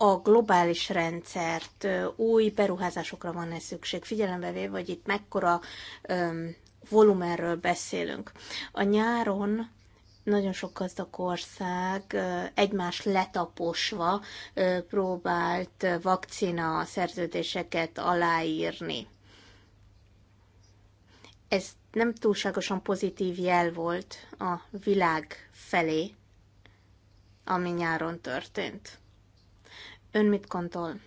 S4: a globális rendszert, új beruházásokra van-e szükség, figyelembe véve, hogy itt mekkora öm, volumenről beszélünk. A nyáron nagyon sok gazdag ország egymás letaposva próbált vakcina szerződéseket aláírni. Ez nem túlságosan pozitív jel volt a világ felé, ami nyáron történt. Ön mit gondol?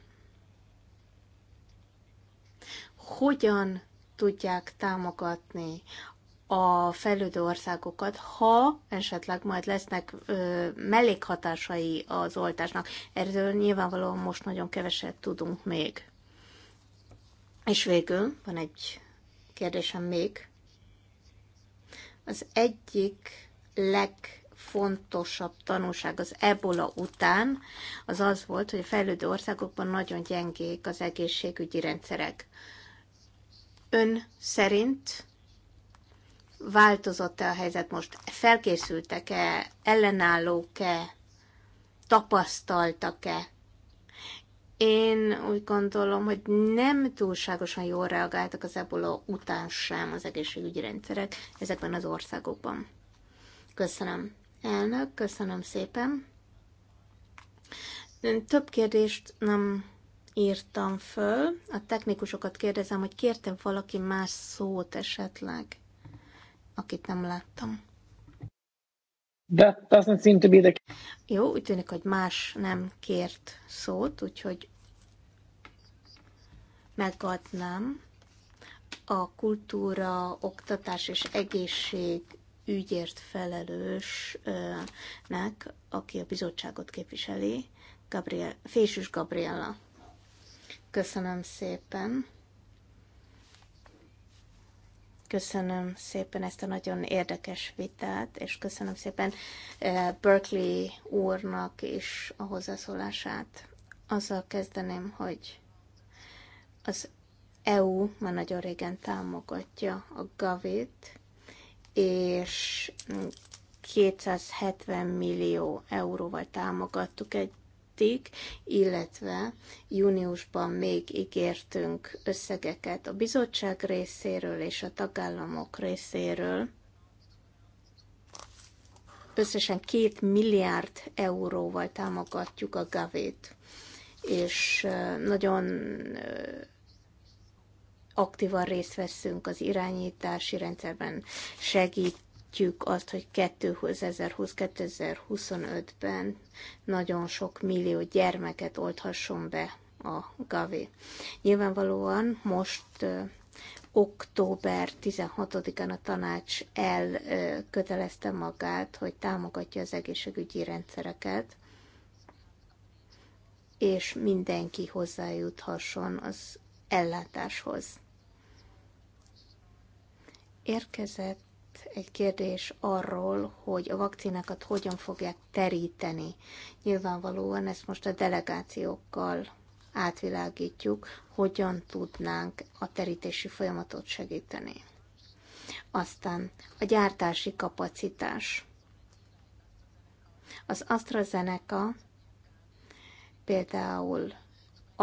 S4: Hogyan tudják támogatni a fejlődő országokat, ha esetleg majd lesznek ö, mellékhatásai az oltásnak. Erről nyilvánvalóan most nagyon keveset tudunk még. És végül van egy kérdésem még. Az egyik legfontosabb tanulság az ebola után az az volt, hogy a fejlődő országokban nagyon gyengék az egészségügyi rendszerek. Ön szerint változott-e a helyzet most? Felkészültek-e, ellenállók-e, tapasztaltak-e? Én úgy gondolom, hogy nem túlságosan jól reagáltak az ebola után sem az egészségügyi rendszerek ezekben az országokban. Köszönöm, elnök, köszönöm szépen. Több kérdést nem írtam föl. A technikusokat kérdezem, hogy kértem valaki más szót esetleg, akit nem láttam.
S2: That doesn't seem to be the...
S4: Jó, úgy tűnik, hogy más nem kért szót, úgyhogy megadnám a kultúra, oktatás és egészség ügyért felelősnek, aki a bizottságot képviseli, Gabriel, Fésűs Gabriella. Köszönöm szépen. Köszönöm szépen ezt a nagyon érdekes vitát, és köszönöm szépen eh, Berkeley úrnak is a hozzászólását. Azzal kezdeném, hogy az EU már nagyon régen támogatja a Gavit, és 270 mm, millió euróval támogattuk egy költik, illetve júniusban még ígértünk összegeket a bizottság részéről és a tagállamok részéről. Összesen két milliárd euróval támogatjuk a gavét, és nagyon aktívan részt veszünk az irányítási rendszerben, segít látjuk azt, hogy 2020-2025-ben nagyon sok millió gyermeket olthasson be a Gavi. Nyilvánvalóan most október 16-án a tanács elkötelezte magát, hogy támogatja az egészségügyi rendszereket, és mindenki hozzájuthasson az ellátáshoz. Érkezett egy kérdés arról, hogy a vakcinákat hogyan fogják teríteni. Nyilvánvalóan ezt most a delegációkkal átvilágítjuk, hogyan tudnánk a terítési folyamatot segíteni. Aztán a gyártási kapacitás. Az AstraZeneca például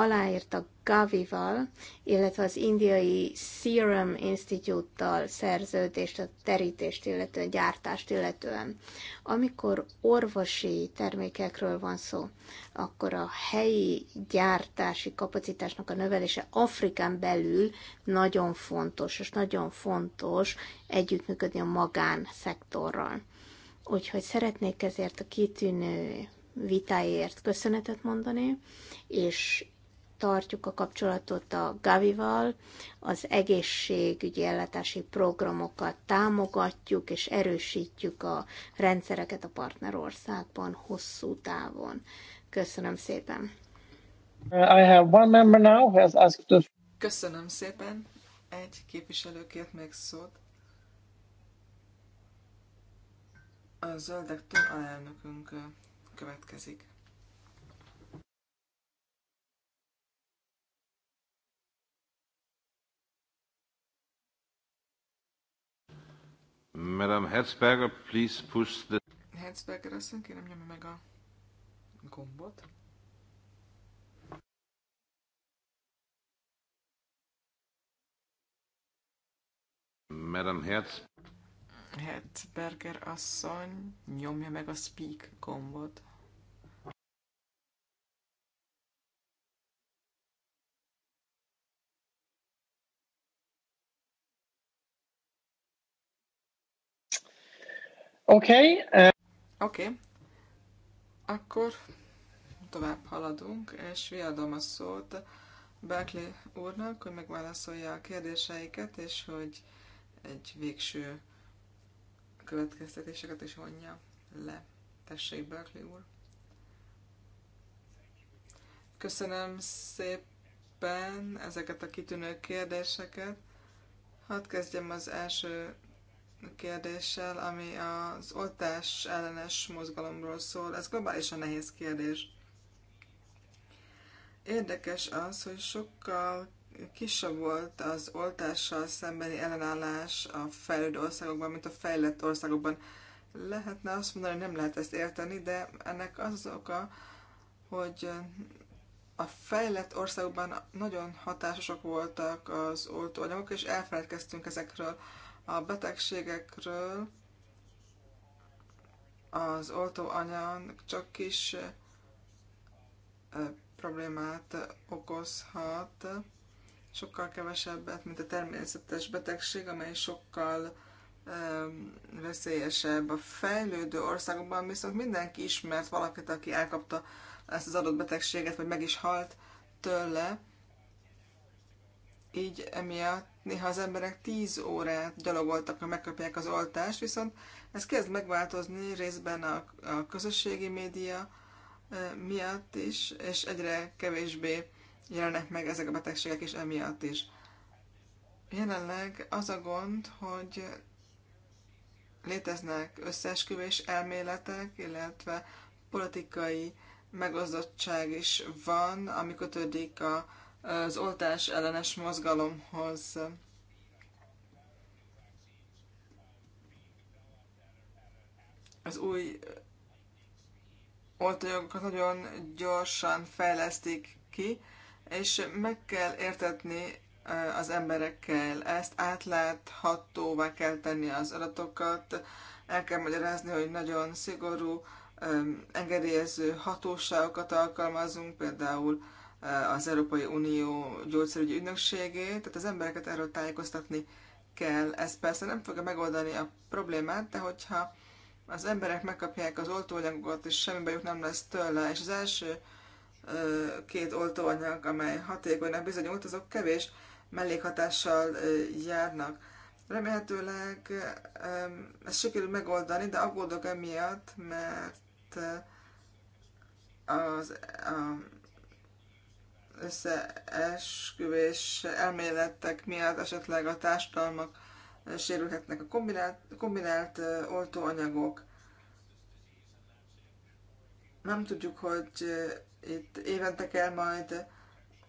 S4: aláírt a Gavival, illetve az indiai Serum Institute-tal szerződést, a terítést, illetően gyártást illetően. Amikor orvosi termékekről van szó, akkor a helyi gyártási kapacitásnak a növelése Afrikán belül nagyon fontos, és nagyon fontos együttműködni a magánszektorral. Úgyhogy szeretnék ezért a kitűnő vitáért köszönetet mondani, és tartjuk a kapcsolatot a Gavival, az egészségügyi ellátási programokat támogatjuk és erősítjük a rendszereket a partnerországban hosszú távon. Köszönöm szépen.
S2: I have one member now has asked to...
S3: Köszönöm szépen. Egy képviselő kért még szót. A zöldek alelnökünk következik.
S1: Madame Herzberger, please push the...
S3: Herzberger asszony, kérem nyomja meg a gombot.
S1: Madame Herz...
S3: Herzberger asszony, nyomja meg a speak gombot. Oké. Okay. Uh... Eh, Oké. Okay. Akkor tovább haladunk, és viadom a szót Berkeley úrnak, hogy megválaszolja a kérdéseiket, és hogy egy végső következtetéseket is vonja le. Tessék, Berkeley úr. Köszönöm szépen ezeket a kitűnő kérdéseket. Hadd kezdjem az első kérdéssel, ami az oltás ellenes mozgalomról szól. Ez globálisan nehéz kérdés. Érdekes az, hogy sokkal kisebb volt az oltással szembeni ellenállás a fejlődő országokban, mint a fejlett országokban. Lehetne azt mondani, hogy nem lehet ezt érteni, de ennek az az oka, hogy a fejlett országokban nagyon hatásosak voltak az oltóanyagok, és elfeledkeztünk ezekről a betegségekről az oltóanyag csak kis problémát okozhat, sokkal kevesebbet, mint a természetes betegség, amely sokkal veszélyesebb. A fejlődő országokban viszont mindenki ismert valakit, aki elkapta ezt az adott betegséget, vagy meg is halt tőle, így emiatt Néha az emberek 10 órát gyalogoltak, hogy megkapják az oltást, viszont ez kezd megváltozni részben a, a közösségi média miatt is, és egyre kevésbé jelennek meg ezek a betegségek is emiatt is. Jelenleg az a gond, hogy léteznek összeesküvés elméletek, illetve politikai megozottság is van, ami kötődik a az oltás ellenes mozgalomhoz. Az új oltajogokat nagyon gyorsan fejlesztik ki, és meg kell értetni az emberekkel ezt, átláthatóvá kell tenni az adatokat, el kell magyarázni, hogy nagyon szigorú, engedélyező hatóságokat alkalmazunk, például az Európai Unió gyógyszerügyi ügynökségét, tehát az embereket erről tájékoztatni kell. Ez persze nem fogja megoldani a problémát, de hogyha az emberek megkapják az oltóanyagokat, és semmi bajuk nem lesz tőle, és az első két oltóanyag, amely hatékonynak bizonyult, azok kevés mellékhatással járnak. Remélhetőleg ezt sikerül megoldani, de aggódok emiatt, mert az, a összeesküvés elméletek miatt esetleg a társadalmak eh, sérülhetnek a kombinált, kombinált eh, oltóanyagok. Nem tudjuk, hogy eh, itt évente kell majd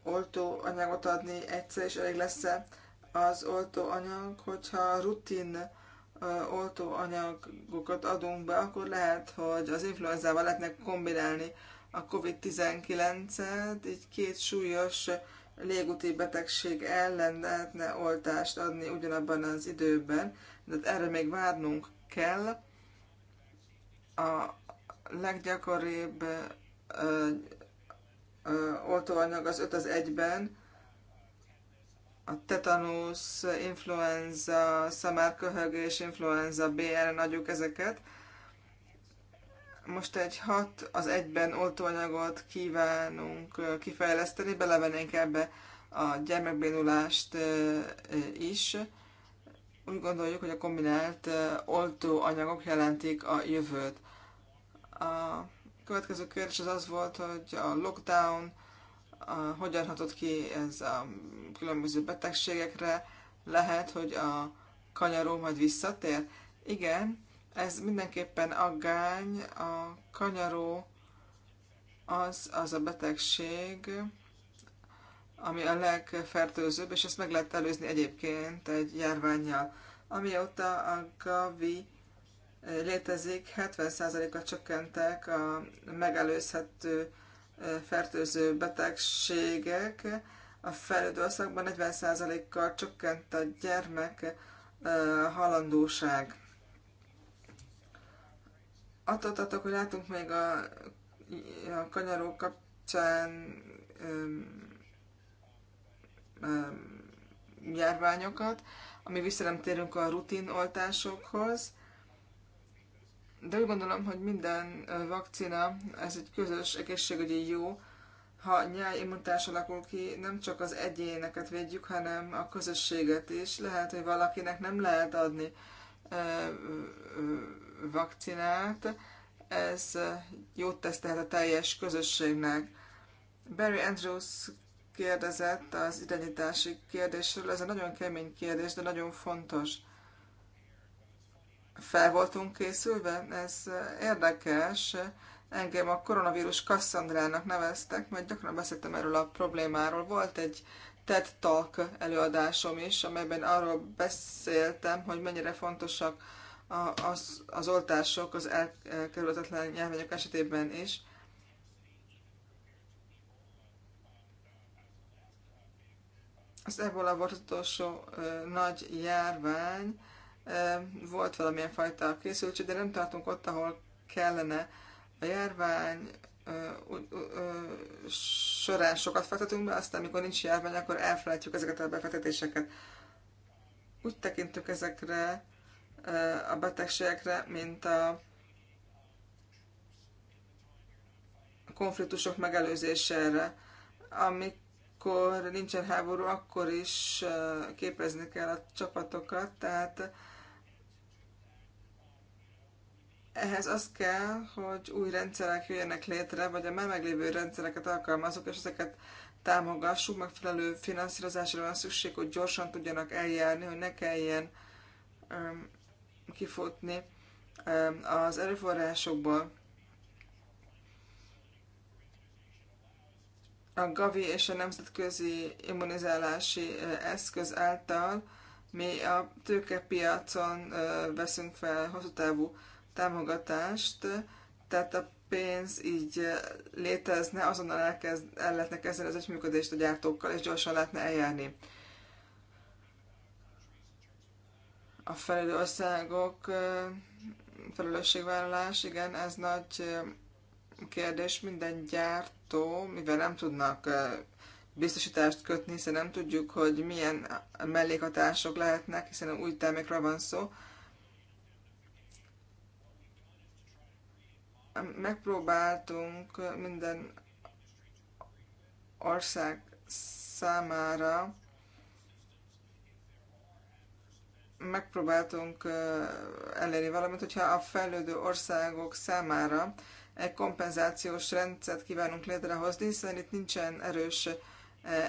S3: oltóanyagot adni egyszer, és elég lesz-e az oltóanyag, hogyha rutin oltóanyagokat adunk be, akkor lehet, hogy az influenzával lehetnek kombinálni a COVID-19-et, így két súlyos légúti betegség ellen lehetne oltást adni ugyanabban az időben, de hát erre még várnunk kell. A leggyakoribb ö, ö, oltóanyag az 5 az 1-ben, a tetanusz, influenza, szamárköhögés, influenza, BR, nagyjuk ezeket, most egy hat az egyben oltóanyagot kívánunk kifejleszteni, belevennénk ebbe a gyermekbénulást is. Úgy gondoljuk, hogy a kombinált oltóanyagok jelentik a jövőt. A következő kérdés az az volt, hogy a lockdown a, hogyan hatott ki ez a különböző betegségekre, lehet, hogy a kanyaró majd visszatér. Igen, ez mindenképpen aggány, a kanyaró az, az a betegség, ami a legfertőzőbb, és ezt meg lehet előzni egyébként egy járványjal. Amióta a Gavi eh, létezik, 70%-a csökkentek a megelőzhető eh, fertőző betegségek. A fejlődő országban 40%-kal csökkent a gyermek eh, halandóság attól tartok, hogy látunk még a, a kanyaró kapcsán öm, öm, járványokat, ami vissza nem térünk a rutin oltásokhoz, de úgy gondolom, hogy minden vakcina, ez egy közös egészségügyi jó, ha nyájimmunitás alakul ki, nem csak az egyéneket védjük, hanem a közösséget is. Lehet, hogy valakinek nem lehet adni vakcinát. Ez jót tesz tehát a teljes közösségnek. Barry Andrews kérdezett az identitási kérdésről. Ez egy nagyon kemény kérdés, de nagyon fontos. Fel voltunk készülve? Ez érdekes. Engem a koronavírus Kasszandrának neveztek, mert gyakran beszéltem erről a problémáról. Volt egy TED Talk előadásom is, amelyben arról beszéltem, hogy mennyire fontosak az, az oltások az elkerülhetetlen nyelvanyagok esetében is. Az ebola volt az utolsó ö, nagy járvány, ö, volt valamilyen fajta készültség, de nem tartunk ott, ahol kellene. A járvány ö, ö, során sokat fektetünk be, aztán amikor nincs járvány, akkor elfelejtjük ezeket a befektetéseket. Úgy tekintünk ezekre, a betegségekre, mint a konfliktusok megelőzésére. Amikor nincsen háború, akkor is képezni kell a csapatokat, tehát ehhez az kell, hogy új rendszerek jöjjenek létre, vagy a már meglévő rendszereket alkalmazok, és ezeket támogassuk, megfelelő finanszírozásra van szükség, hogy gyorsan tudjanak eljárni, hogy ne kelljen um, kifutni az erőforrásokból. A GAVI és a nemzetközi immunizálási eszköz által mi a tőkepiacon veszünk fel hosszú távú támogatást, tehát a pénz így létezne, azonnal elkezd, el lehetne kezdeni az egyműködést a gyártókkal, és gyorsan lehetne eljárni. a felelő országok felelősségvállalás, igen, ez nagy kérdés. Minden gyártó, mivel nem tudnak biztosítást kötni, hiszen nem tudjuk, hogy milyen mellékhatások lehetnek, hiszen új termékről van szó. Megpróbáltunk minden ország számára megpróbáltunk elérni valamit, hogyha a fejlődő országok számára egy kompenzációs rendszert kívánunk létrehozni, hiszen itt nincsen erős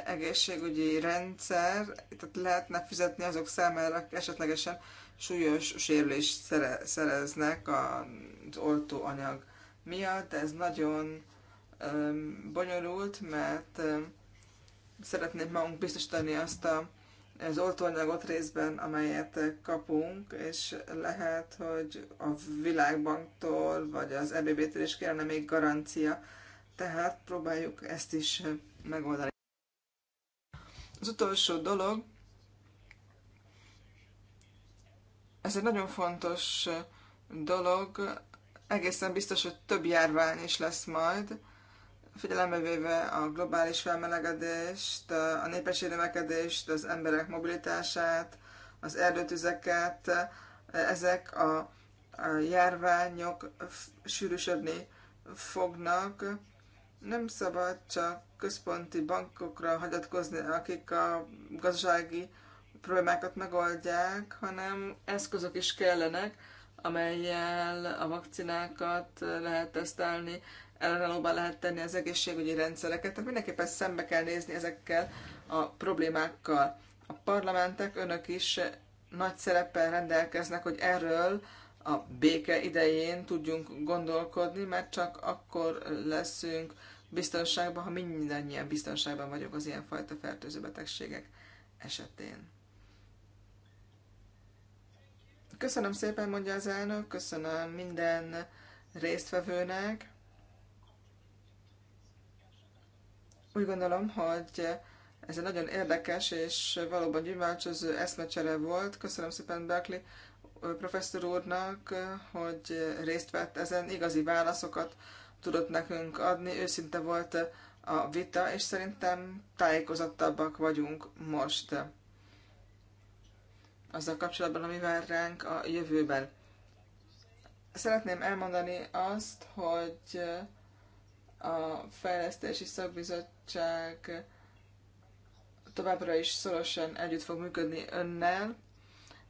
S3: egészségügyi rendszer, tehát lehetne fizetni azok számára, akik esetlegesen súlyos sérülést szereznek az oltóanyag miatt. Ez nagyon bonyolult, mert szeretném magunk biztosítani azt a az oltóanyagot részben, amelyet kapunk, és lehet, hogy a világbanktól, vagy az EBB-től is kellene még garancia, tehát próbáljuk ezt is megoldani. Az utolsó dolog, ez egy nagyon fontos dolog, egészen biztos, hogy több járvány is lesz majd, figyelembe véve a globális felmelegedést, a népesség növekedést, az emberek mobilitását, az erdőtüzeket, ezek a járványok sűrűsödni fognak. Nem szabad csak központi bankokra hagyatkozni, akik a gazdasági problémákat megoldják, hanem eszközök is kellenek, amelyel a vakcinákat lehet tesztelni, ellenállóban lehet tenni az egészségügyi rendszereket, tehát mindenképpen szembe kell nézni ezekkel a problémákkal. A parlamentek, önök is nagy szereppel rendelkeznek, hogy erről a béke idején tudjunk gondolkodni, mert csak akkor leszünk biztonságban, ha mindannyian biztonságban vagyok az ilyenfajta fertőző betegségek esetén. Köszönöm szépen, mondja az elnök, köszönöm minden résztvevőnek. Úgy gondolom, hogy ez egy nagyon érdekes és valóban gyümölcsöző eszmecsere volt. Köszönöm szépen Berkeley professzor úrnak, hogy részt vett ezen, igazi válaszokat tudott nekünk adni, őszinte volt a vita, és szerintem tájékozottabbak vagyunk most azzal kapcsolatban, ami vár ránk a jövőben. Szeretném elmondani azt, hogy a Fejlesztési Szakbizottság továbbra is szorosan együtt fog működni önnel,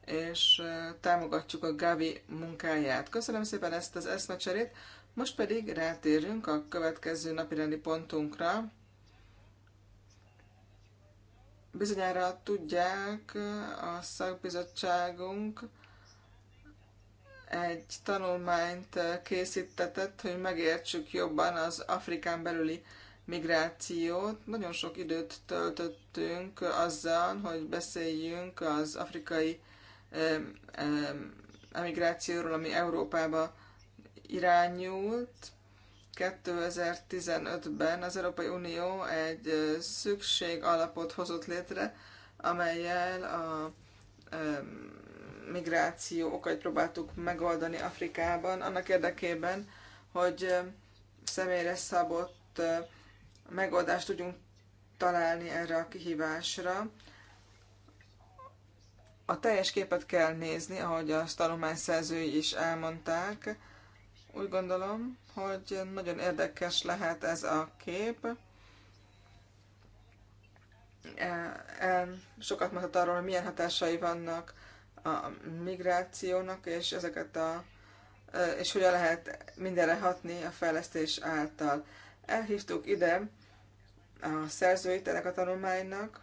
S3: és támogatjuk a Gavi munkáját. Köszönöm szépen ezt az eszmecserét, most pedig rátérünk a következő napirendi pontunkra. Bizonyára tudják, a szakbizottságunk egy tanulmányt eh, készítetett, hogy megértsük jobban az Afrikán belüli migrációt. Nagyon sok időt töltöttünk azzal, hogy beszéljünk az afrikai emigrációról, ami Európába irányult. 2015-ben az Európai Unió egy eh, szükség alapot hozott létre, amelyel a migráció okait próbáltuk megoldani Afrikában, annak érdekében, hogy személyre szabott megoldást tudjunk találni erre a kihívásra. A teljes képet kell nézni, ahogy a tanulmányszerzői is elmondták. Úgy gondolom, hogy nagyon érdekes lehet ez a kép. E, e, sokat mondhat arról, hogy milyen hatásai vannak a migrációnak, és ezeket a és hogyan lehet mindenre hatni a fejlesztés által. Elhívtuk ide a szerzőit ennek a tanulmánynak,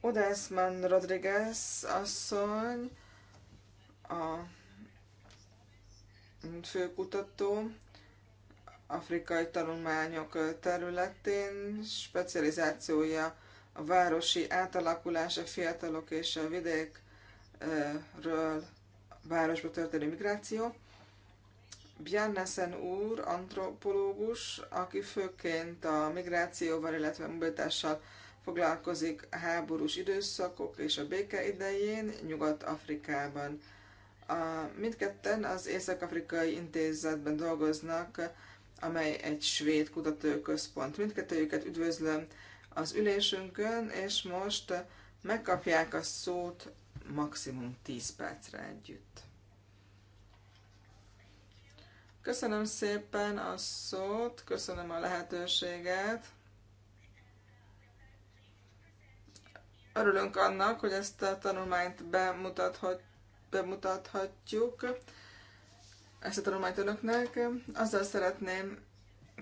S3: Odesman Rodriguez asszony, a főkutató afrikai tanulmányok területén specializációja a városi átalakulás, a fiatalok és a vidékről városba történő migráció. Bjarnesen úr, antropológus, aki főként a migrációval, illetve mobilitással foglalkozik a háborús időszakok és a béke idején Nyugat-Afrikában. Mindketten az Észak-Afrikai Intézetben dolgoznak, amely egy svéd kutatóközpont. Mindkettőjüket üdvözlöm az ülésünkön, és most megkapják a szót maximum 10 percre együtt. Köszönöm szépen a szót, köszönöm a lehetőséget. Örülünk annak, hogy ezt a tanulmányt bemutathatjuk, ezt a tanulmányt önöknek. Azzal szeretném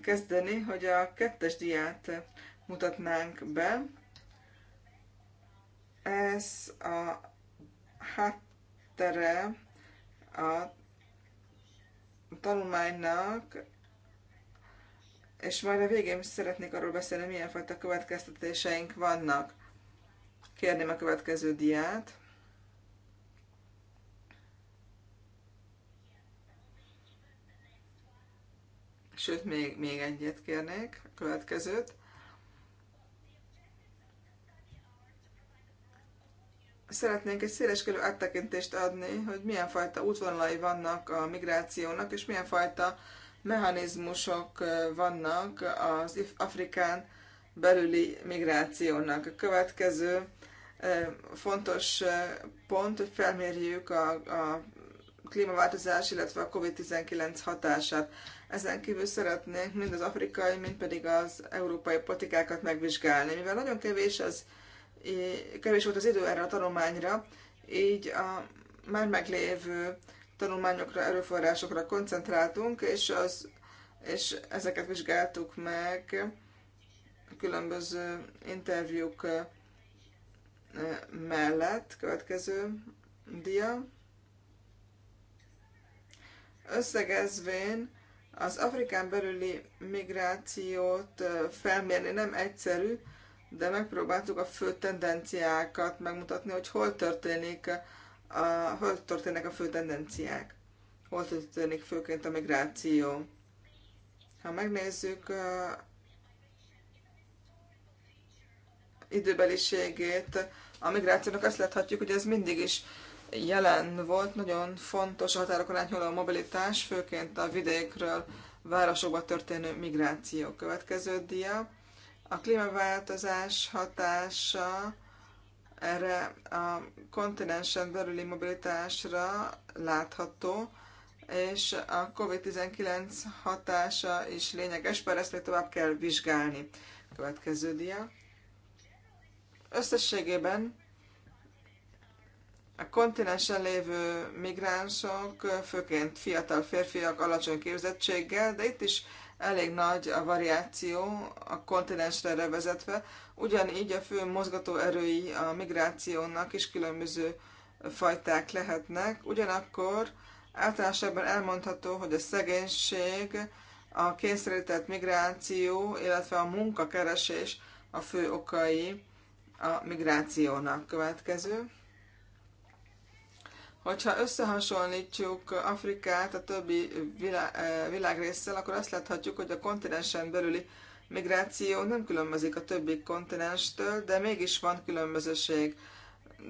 S3: kezdeni, hogy a kettes diát mutatnánk be. Ez a háttere a tanulmánynak, és majd a végén szeretnék arról beszélni, milyen fajta következtetéseink vannak. Kérném a következő diát. Sőt, még, még egyet kérnék, a következőt. szeretnénk egy széleskörű áttekintést adni, hogy milyen fajta útvonalai vannak a migrációnak, és milyen fajta mechanizmusok vannak az Afrikán belüli migrációnak. A következő fontos pont, hogy felmérjük a, a klímaváltozás, illetve a COVID-19 hatását. Ezen kívül szeretnénk mind az afrikai, mind pedig az európai politikákat megvizsgálni, mivel nagyon kevés az kevés volt az idő erre a tanulmányra, így a már meglévő tanulmányokra, erőforrásokra koncentráltunk, és, az, és ezeket vizsgáltuk meg különböző interjúk mellett. Következő dia. Összegezvén az Afrikán belüli migrációt felmérni nem egyszerű, de megpróbáltuk a fő tendenciákat megmutatni, hogy hol történik a, hol történnek a fő tendenciák, hol történik főként a migráció. Ha megnézzük uh, időbeliségét a migrációnak, azt láthatjuk, hogy ez mindig is jelen volt, nagyon fontos a határokon átnyúló a mobilitás, főként a vidékről városokba történő migráció. Következő dia a klímaváltozás hatása erre a kontinensen belüli mobilitásra látható, és a COVID-19 hatása is lényeges, bár ezt még tovább kell vizsgálni. Következő dia. Összességében a kontinensen lévő migránsok, főként fiatal férfiak alacsony képzettséggel, de itt is elég nagy a variáció a kontinensre vezetve. Ugyanígy a fő mozgatóerői a migrációnak is különböző fajták lehetnek. Ugyanakkor általánosabban elmondható, hogy a szegénység, a kényszerített migráció, illetve a munkakeresés a fő okai a migrációnak. Következő. Hogyha összehasonlítjuk Afrikát a többi világ eh, világrésszel, akkor azt láthatjuk, hogy a kontinensen belüli migráció nem különbözik a többi kontinenstől, de mégis van különbözőség.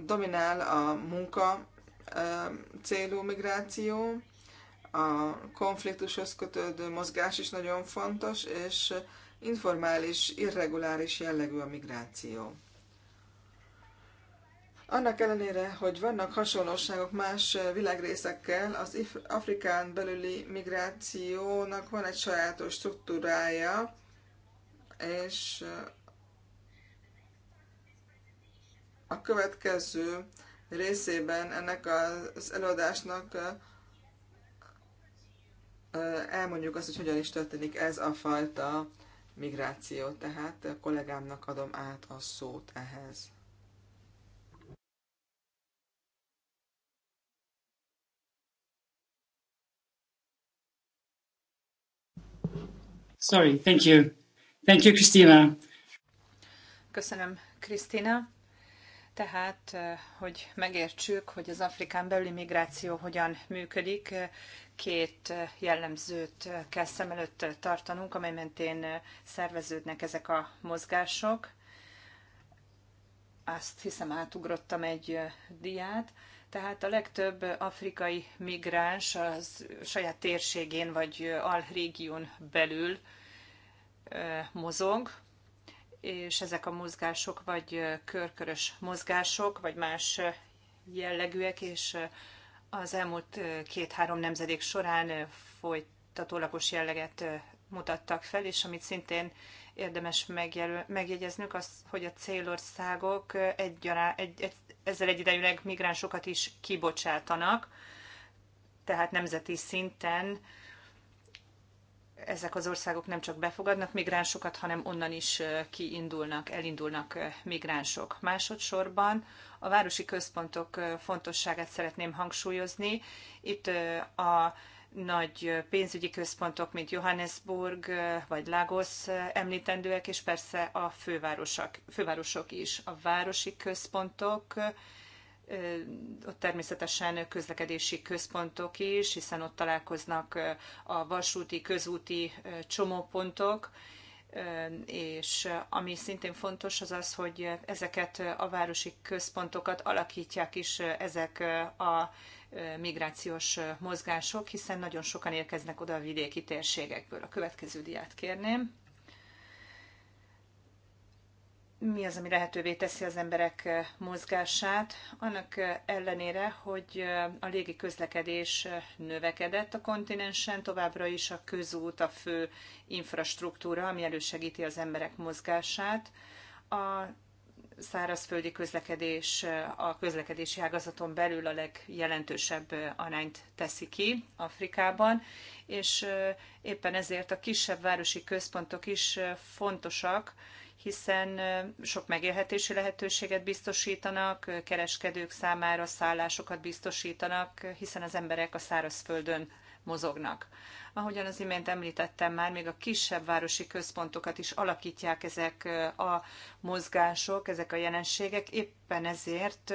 S3: Dominál a munka eh, célú migráció, a konfliktushoz kötődő mozgás is nagyon fontos, és informális, irreguláris jellegű a migráció. Annak ellenére, hogy vannak hasonlóságok más világrészekkel, az Afrikán belüli migrációnak van egy sajátos struktúrája, és eh, a következő részében ennek az előadásnak eh, eh, elmondjuk azt, hogy hogyan is történik ez a fajta migráció. Tehát a kollégámnak adom át a szót ehhez.
S2: Sorry, thank you. Thank you, Christina.
S1: Köszönöm, Krisztina. Tehát, eh, hogy megértsük, hogy az Afrikán belüli migráció hogyan működik, eh, két eh, jellemzőt kell szem előtt tartanunk, amely mentén szerveződnek ezek a mozgások. Azt hiszem átugrottam egy diát. Tehát a legtöbb afrikai migráns az saját térségén vagy alrégión belül mozog, és ezek a mozgások vagy körkörös mozgások, vagy más jellegűek, és az elmúlt két-három nemzedék során folytatólagos jelleget mutattak fel, és amit szintén érdemes megjegyeznünk, az, hogy a célországok egyaránt, egy, egy, ezzel egyidejűleg migránsokat is kibocsátanak, tehát nemzeti szinten ezek az országok nem csak befogadnak migránsokat, hanem onnan is kiindulnak, elindulnak migránsok. Másodszorban a városi központok fontosságát szeretném hangsúlyozni. Itt a nagy pénzügyi központok, mint Johannesburg eh, vagy Lagos eh, említendőek, és persze a fővárosok, fővárosok is. A városi központok, eh, ott természetesen közlekedési központok is, hiszen ott találkoznak a vasúti, közúti csomópontok, és ami szintén fontos az az, hogy ezeket a városi központokat alakítják is ezek a e, migrációs mozgások, hiszen nagyon sokan érkeznek oda a vidéki térségekből. A következő diát kérném mi az, ami lehetővé teszi az emberek mozgását, annak ellenére, hogy a légi közlekedés növekedett a kontinensen, továbbra is a közút a fő infrastruktúra, ami elősegíti az emberek mozgását. A szárazföldi közlekedés a közlekedési ágazaton belül a legjelentősebb arányt teszi ki Afrikában, és éppen ezért a kisebb városi központok is fontosak, hiszen sok megélhetési lehetőséget biztosítanak, kereskedők számára szállásokat biztosítanak, hiszen az emberek a szárazföldön mozognak. Ahogyan az imént említettem már, még a kisebb városi központokat is alakítják ezek a mozgások, ezek a jelenségek, éppen ezért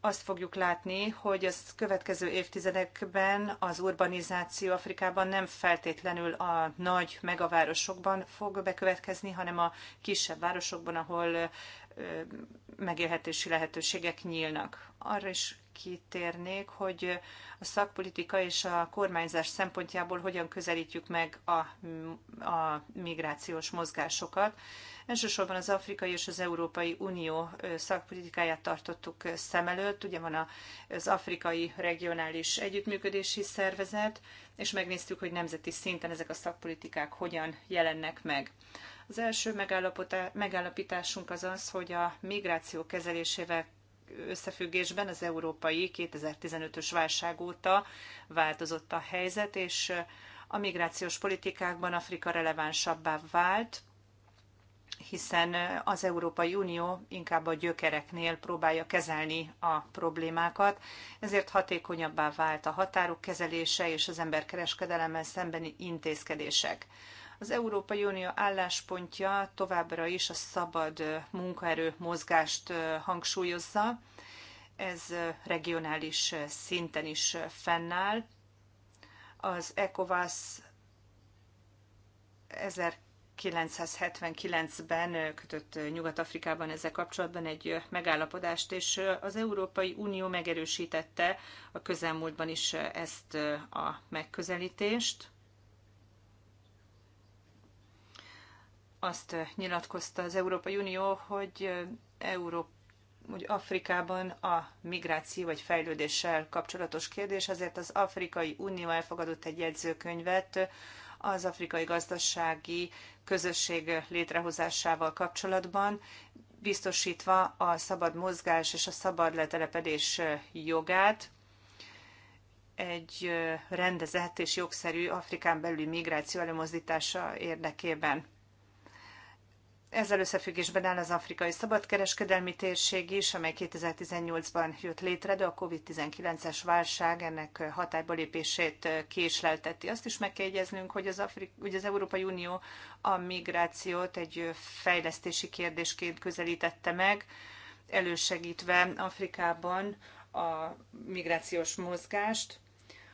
S1: azt fogjuk látni, hogy az következő évtizedekben az urbanizáció Afrikában nem feltétlenül a nagy megavárosokban fog bekövetkezni, hanem a kisebb városokban, ahol megélhetési lehetőségek nyílnak. Arra is kitérnék, hogy a szakpolitika és a kormányzás szempontjából hogyan közelítjük meg a, a migrációs mozgásokat. Elsősorban az Afrikai és az Európai Unió szakpolitikáját tartottuk szem előtt. Ugye van az Afrikai Regionális Együttműködési Szervezet, és megnéztük, hogy nemzeti szinten ezek a szakpolitikák hogyan jelennek meg. Az első megállapításunk az az, hogy a migráció kezelésével összefüggésben az európai 2015-ös válság óta változott a helyzet, és a migrációs politikákban Afrika relevánsabbá vált, hiszen az Európai Unió inkább a gyökereknél próbálja kezelni a problémákat, ezért hatékonyabbá vált a határok kezelése és az emberkereskedelemmel szembeni intézkedések. Az Európai Unió álláspontja továbbra is a szabad munkaerő mozgást hangsúlyozza. Ez regionális szinten is fennáll. Az ECOVAS 1979-ben kötött Nyugat-Afrikában ezzel kapcsolatban egy megállapodást, és az Európai Unió megerősítette a közelmúltban is ezt a megközelítést azt nyilatkozta az Európai Unió, hogy Európa hogy Afrikában a migráció vagy fejlődéssel kapcsolatos kérdés, azért az Afrikai Unió elfogadott egy jegyzőkönyvet az afrikai gazdasági közösség létrehozásával kapcsolatban, biztosítva a szabad mozgás és a szabad letelepedés jogát egy rendezett és jogszerű Afrikán belüli migráció előmozdítása érdekében. Ezzel összefüggésben áll az afrikai szabadkereskedelmi térség is, amely 2018-ban jött létre, de a COVID-19-es válság ennek hatályba lépését késlelteti. Azt is meg kell jegyeznünk, hogy az, Afri- hogy az Európai Unió a migrációt egy fejlesztési kérdésként közelítette meg, elősegítve Afrikában a migrációs mozgást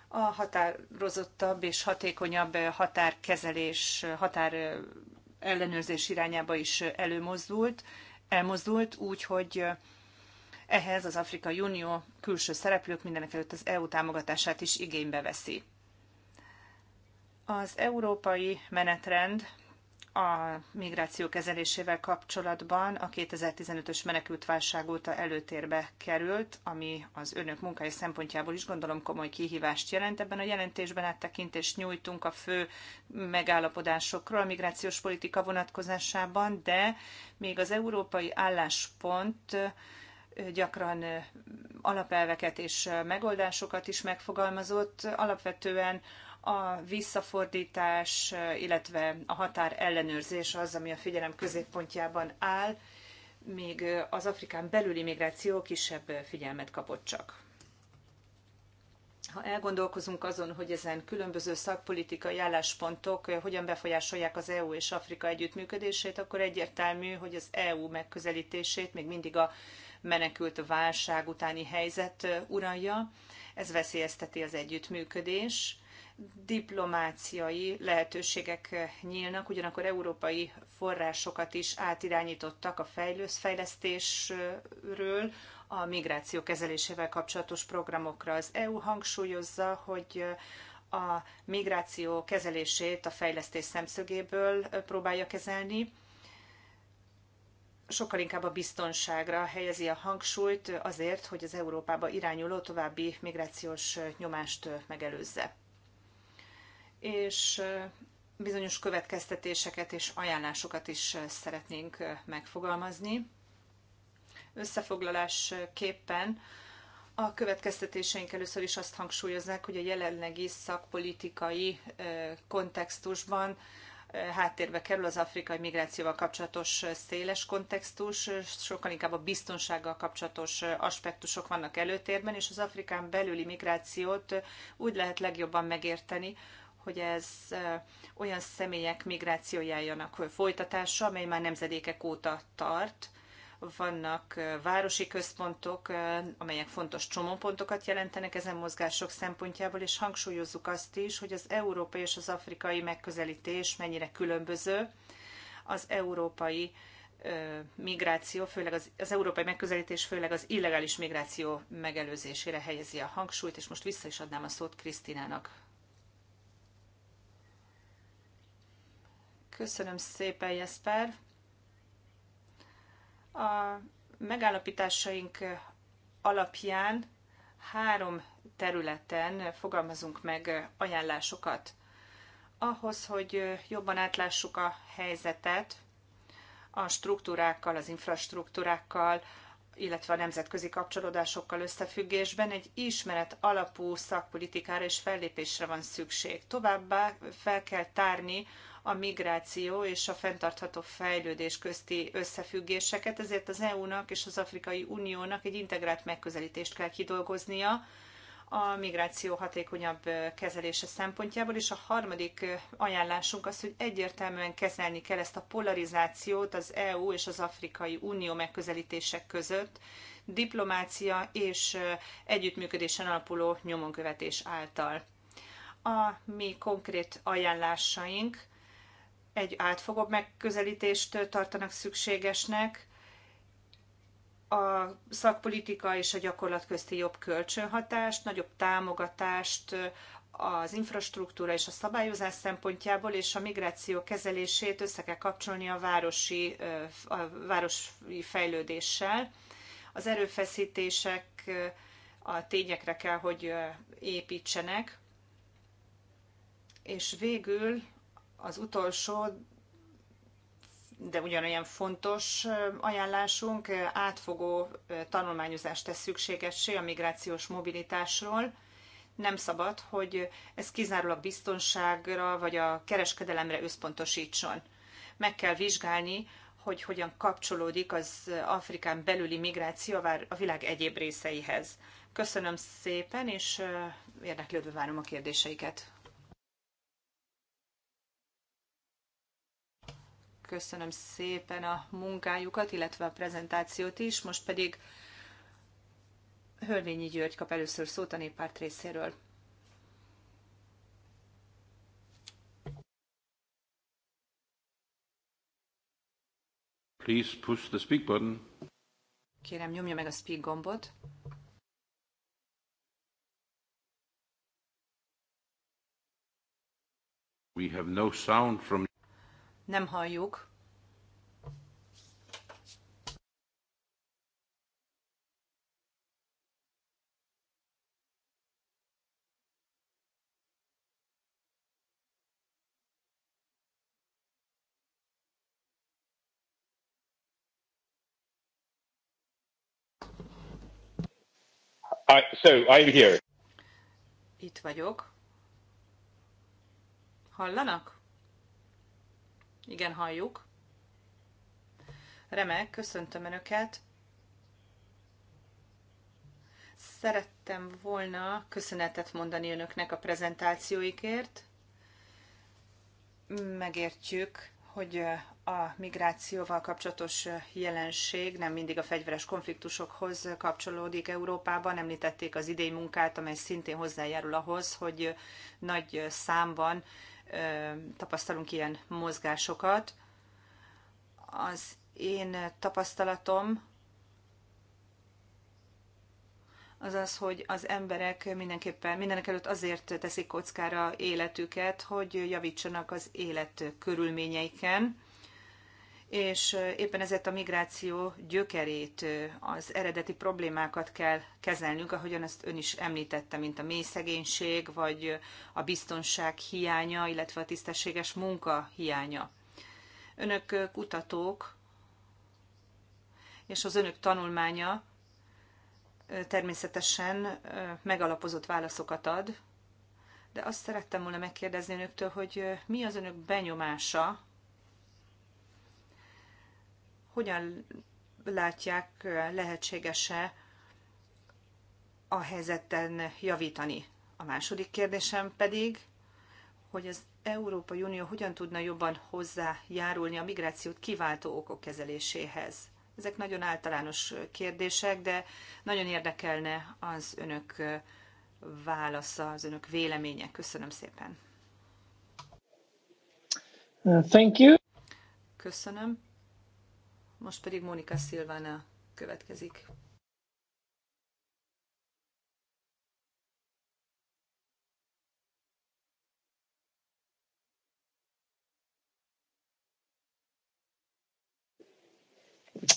S1: a határozottabb és hatékonyabb határkezelés, határ ellenőrzés irányába is előmozdult, elmozdult, úgyhogy ehhez az Afrikai Unió külső szereplők mindenek előtt az EU támogatását is igénybe veszi. Az európai menetrend a migráció kezelésével kapcsolatban a 2015-ös menekültválság óta előtérbe került, ami az önök munkája szempontjából is gondolom komoly kihívást jelent. Ebben a jelentésben áttekintést nyújtunk a fő megállapodásokról a migrációs politika vonatkozásában, de még az európai álláspont gyakran alapelveket és megoldásokat is megfogalmazott. Alapvetően a visszafordítás, illetve a határ ellenőrzés az, ami a figyelem középpontjában áll, míg az Afrikán belüli migráció kisebb figyelmet kapott csak. Ha elgondolkozunk azon, hogy ezen különböző szakpolitikai álláspontok hogyan befolyásolják az EU és Afrika együttműködését, akkor egyértelmű, hogy az EU megközelítését még mindig a menekült válság utáni helyzet uralja. Ez veszélyezteti az együttműködés diplomáciai lehetőségek nyílnak, ugyanakkor európai forrásokat is átirányítottak a fejlesztésről a migráció kezelésével kapcsolatos programokra. Az EU hangsúlyozza, hogy a migráció kezelését a fejlesztés szemszögéből próbálja kezelni, sokkal inkább a biztonságra helyezi a hangsúlyt azért, hogy az Európába irányuló további migrációs nyomást megelőzze és bizonyos következtetéseket és ajánlásokat is szeretnénk megfogalmazni. Összefoglalásképpen a következtetéseink először is azt hangsúlyoznak, hogy a jelenlegi szakpolitikai kontextusban háttérbe kerül az afrikai migrációval kapcsolatos széles kontextus, sokkal inkább a biztonsággal kapcsolatos aspektusok vannak előtérben, és az Afrikán belüli migrációt úgy lehet legjobban megérteni, hogy ez olyan személyek migrációjának folytatása, amely már nemzedékek óta tart. Vannak városi központok, amelyek fontos csomópontokat jelentenek ezen mozgások szempontjából, és hangsúlyozzuk azt is, hogy az európai és az afrikai megközelítés mennyire különböző. Az európai migráció, főleg az, az európai megközelítés főleg az illegális migráció megelőzésére helyezi a hangsúlyt, és most vissza is adnám a szót Krisztinának. Köszönöm szépen, Jesper. A megállapításaink alapján három területen fogalmazunk meg ajánlásokat. Ahhoz, hogy jobban átlássuk a helyzetet, a struktúrákkal, az infrastruktúrákkal, illetve a nemzetközi kapcsolódásokkal összefüggésben egy ismeret alapú szakpolitikára és fellépésre van szükség. Továbbá fel kell tárni a migráció és a fenntartható fejlődés közti összefüggéseket, ezért az EU-nak és az Afrikai Uniónak egy integrált megközelítést kell kidolgoznia, a migráció hatékonyabb kezelése szempontjából, és a harmadik ajánlásunk az, hogy egyértelműen kezelni kell ezt a polarizációt az EU és az Afrikai Unió megközelítések között, diplomácia és együttműködésen alapuló nyomonkövetés által. A mi konkrét ajánlásaink egy átfogóbb megközelítést tartanak szükségesnek, a szakpolitika és a gyakorlat közti jobb kölcsönhatást, nagyobb támogatást az infrastruktúra és a szabályozás szempontjából, és a migráció kezelését össze kell kapcsolni a városi, a városi fejlődéssel. Az erőfeszítések a tényekre kell, hogy építsenek. És végül az utolsó, de ugyanolyan fontos ajánlásunk, átfogó tanulmányozást tesz szükségessé a migrációs mobilitásról. Nem szabad, hogy ez kizárólag biztonságra vagy a kereskedelemre összpontosítson. Meg kell vizsgálni, hogy hogyan kapcsolódik az Afrikán belüli migráció a világ egyéb részeihez. Köszönöm szépen, és érdeklődve várom a kérdéseiket. köszönöm szépen a munkájukat, illetve a prezentációt is. Most pedig Hölvényi György kap először szót a néppárt részéről. Please push the speak button. Kérem, nyomja meg a speak gombot. We have no sound from nem halljuk. I, so, I'm here. Itt vagyok. Hallanak? Igen, halljuk. Remek, köszöntöm Önöket. Szerettem volna köszönetet mondani Önöknek a prezentációikért. Megértjük, hogy a migrációval kapcsolatos jelenség nem mindig a fegyveres konfliktusokhoz kapcsolódik Európában. Említették az idei munkát, amely szintén hozzájárul ahhoz, hogy nagy számban tapasztalunk ilyen mozgásokat. Az én tapasztalatom az az, hogy az emberek mindenképpen mindenek előtt azért teszik kockára életüket, hogy javítsanak az élet körülményeiken, és éppen ezért a migráció gyökerét, az eredeti problémákat kell kezelnünk, ahogyan ezt ön is említette, mint a mély szegénység, vagy a biztonság hiánya, illetve a tisztességes munka hiánya. Önök kutatók, és az önök tanulmánya természetesen megalapozott válaszokat ad, de azt szerettem volna megkérdezni önöktől, hogy mi az önök benyomása hogyan látják lehetséges-e a helyzeten javítani. A második kérdésem pedig, hogy az Európai Unió hogyan tudna jobban hozzájárulni a migrációt kiváltó okok kezeléséhez. Ezek nagyon általános kérdések, de nagyon érdekelne az önök válasza, az önök véleménye. Köszönöm szépen.
S2: Uh, thank you.
S1: Köszönöm. Most pedig Monika Szilvána következik.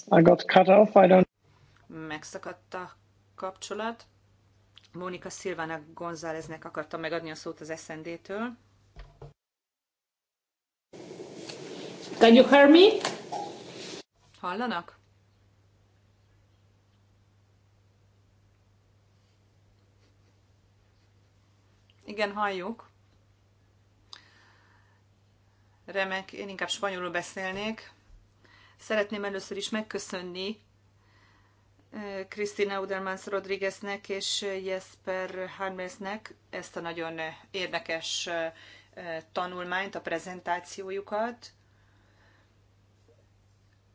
S2: I got cut off, I don't...
S1: Megszakadt a kapcsolat. Mónika Szilvának Gonzáleznek akarta megadni a szót az SND-től. Can you hear me? Hallanak? Igen, halljuk. Remek, én inkább spanyolul beszélnék. Szeretném először is megköszönni Krisztina eh, Udermans Rodrigueznek és Jesper Harmesnek ezt a nagyon érdekes eh, tanulmányt, a prezentációjukat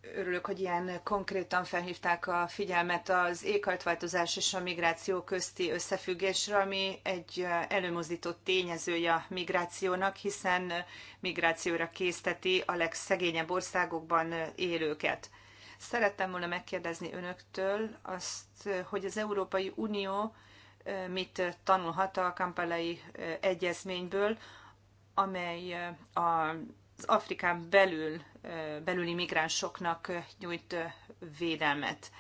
S1: örülök, hogy ilyen konkrétan felhívták a figyelmet az éghajtváltozás és a migráció közti összefüggésre, ami egy előmozdított tényezője a migrációnak, hiszen migrációra készteti a legszegényebb országokban élőket. Szerettem volna megkérdezni önöktől azt, hogy az Európai Unió mit tanulhat a kampalai egyezményből, amely a az Afrikán belül, belüli migránsoknak nyújt védelmet.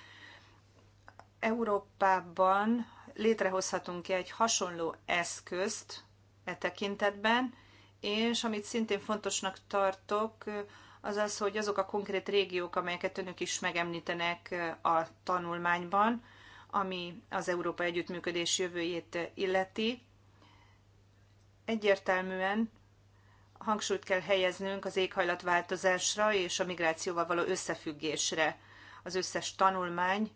S1: Európában létrehozhatunk-e egy hasonló eszközt e tekintetben, és amit szintén fontosnak tartok, az az, hogy azok a konkrét régiók, amelyeket önök is megemlítenek a tanulmányban, ami az Európa Együttműködés jövőjét illeti, egyértelműen hangsúlyt kell helyeznünk az éghajlatváltozásra és a migrációval való összefüggésre. Az összes tanulmány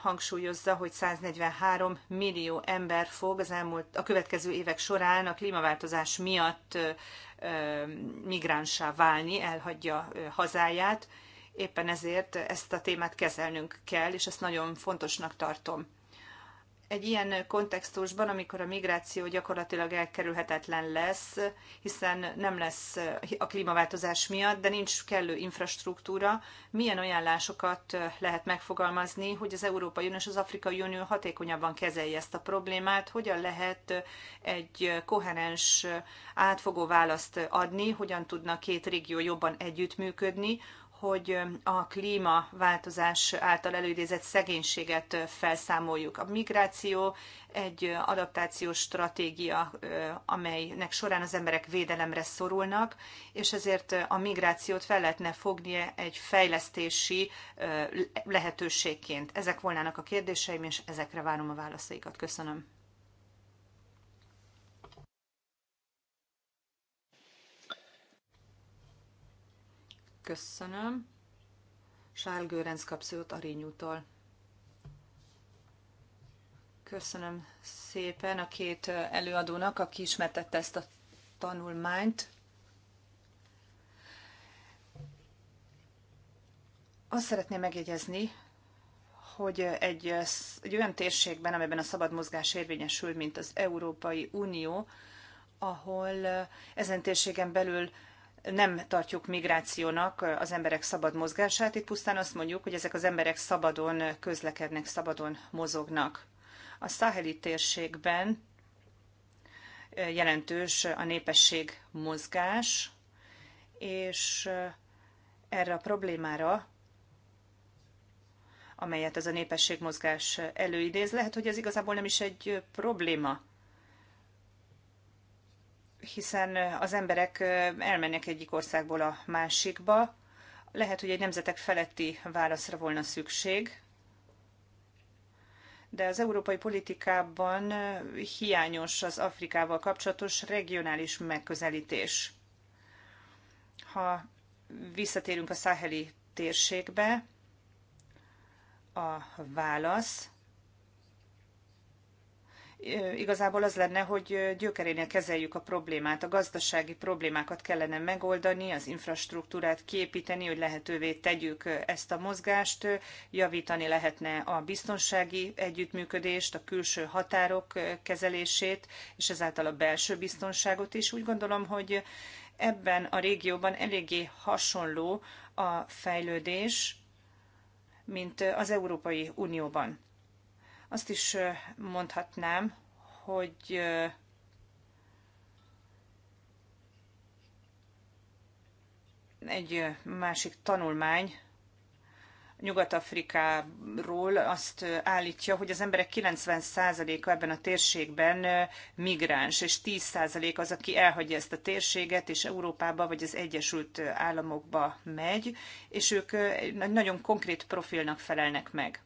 S1: hangsúlyozza, hogy 143 millió ember fog az elmúlt, a következő évek során a klímaváltozás miatt migránsá válni, elhagyja hazáját. Éppen ezért ezt a témát kezelnünk kell, és ezt nagyon fontosnak tartom egy ilyen kontextusban, amikor a migráció gyakorlatilag elkerülhetetlen lesz, hiszen nem lesz a klímaváltozás miatt, de nincs kellő infrastruktúra, milyen ajánlásokat lehet megfogalmazni, hogy az Európai Unió és az Afrikai Unió hatékonyabban kezelje ezt a problémát, hogyan lehet egy koherens, átfogó választ adni, hogyan tudna két régió jobban együttműködni, hogy a klímaváltozás által előidézett szegénységet felszámoljuk. A migráció egy adaptációs stratégia, amelynek során az emberek védelemre szorulnak, és ezért a migrációt fel lehetne fogni egy fejlesztési lehetőségként. Ezek volnának a kérdéseim, és ezekre várom a válaszaikat. Köszönöm. Köszönöm. Sál Gőrenc kapszót a Rényútól. Köszönöm szépen a két előadónak, aki ismertette ezt a tanulmányt. Azt szeretném megjegyezni, hogy egy, egy olyan térségben, amelyben a szabad mozgás érvényesül, mint az Európai Unió, ahol ezen térségen belül nem tartjuk migrációnak az emberek szabad mozgását, itt pusztán azt mondjuk, hogy ezek az emberek szabadon közlekednek, szabadon mozognak. A száheli térségben jelentős a népesség mozgás, és erre a problémára, amelyet ez a népességmozgás előidéz, lehet, hogy ez igazából nem is egy probléma hiszen az emberek elmennek egyik országból a másikba. Lehet, hogy egy nemzetek feletti válaszra volna szükség, de az európai politikában hiányos az Afrikával kapcsolatos regionális megközelítés. Ha visszatérünk a száheli térségbe, a válasz igazából az lenne, hogy gyökerénél kezeljük a problémát. A gazdasági problémákat kellene megoldani, az infrastruktúrát képíteni, hogy lehetővé tegyük ezt a mozgást, javítani lehetne a biztonsági együttműködést, a külső határok kezelését, és ezáltal a belső biztonságot is. Úgy gondolom, hogy ebben a régióban eléggé hasonló a fejlődés, mint az Európai Unióban. Azt is mondhatnám, hogy egy másik tanulmány Nyugat-Afrikáról azt állítja, hogy az emberek 90%-a ebben a térségben migráns, és 10% az, aki elhagyja ezt a térséget, és Európába vagy az Egyesült Államokba megy, és ők nagyon konkrét profilnak felelnek meg.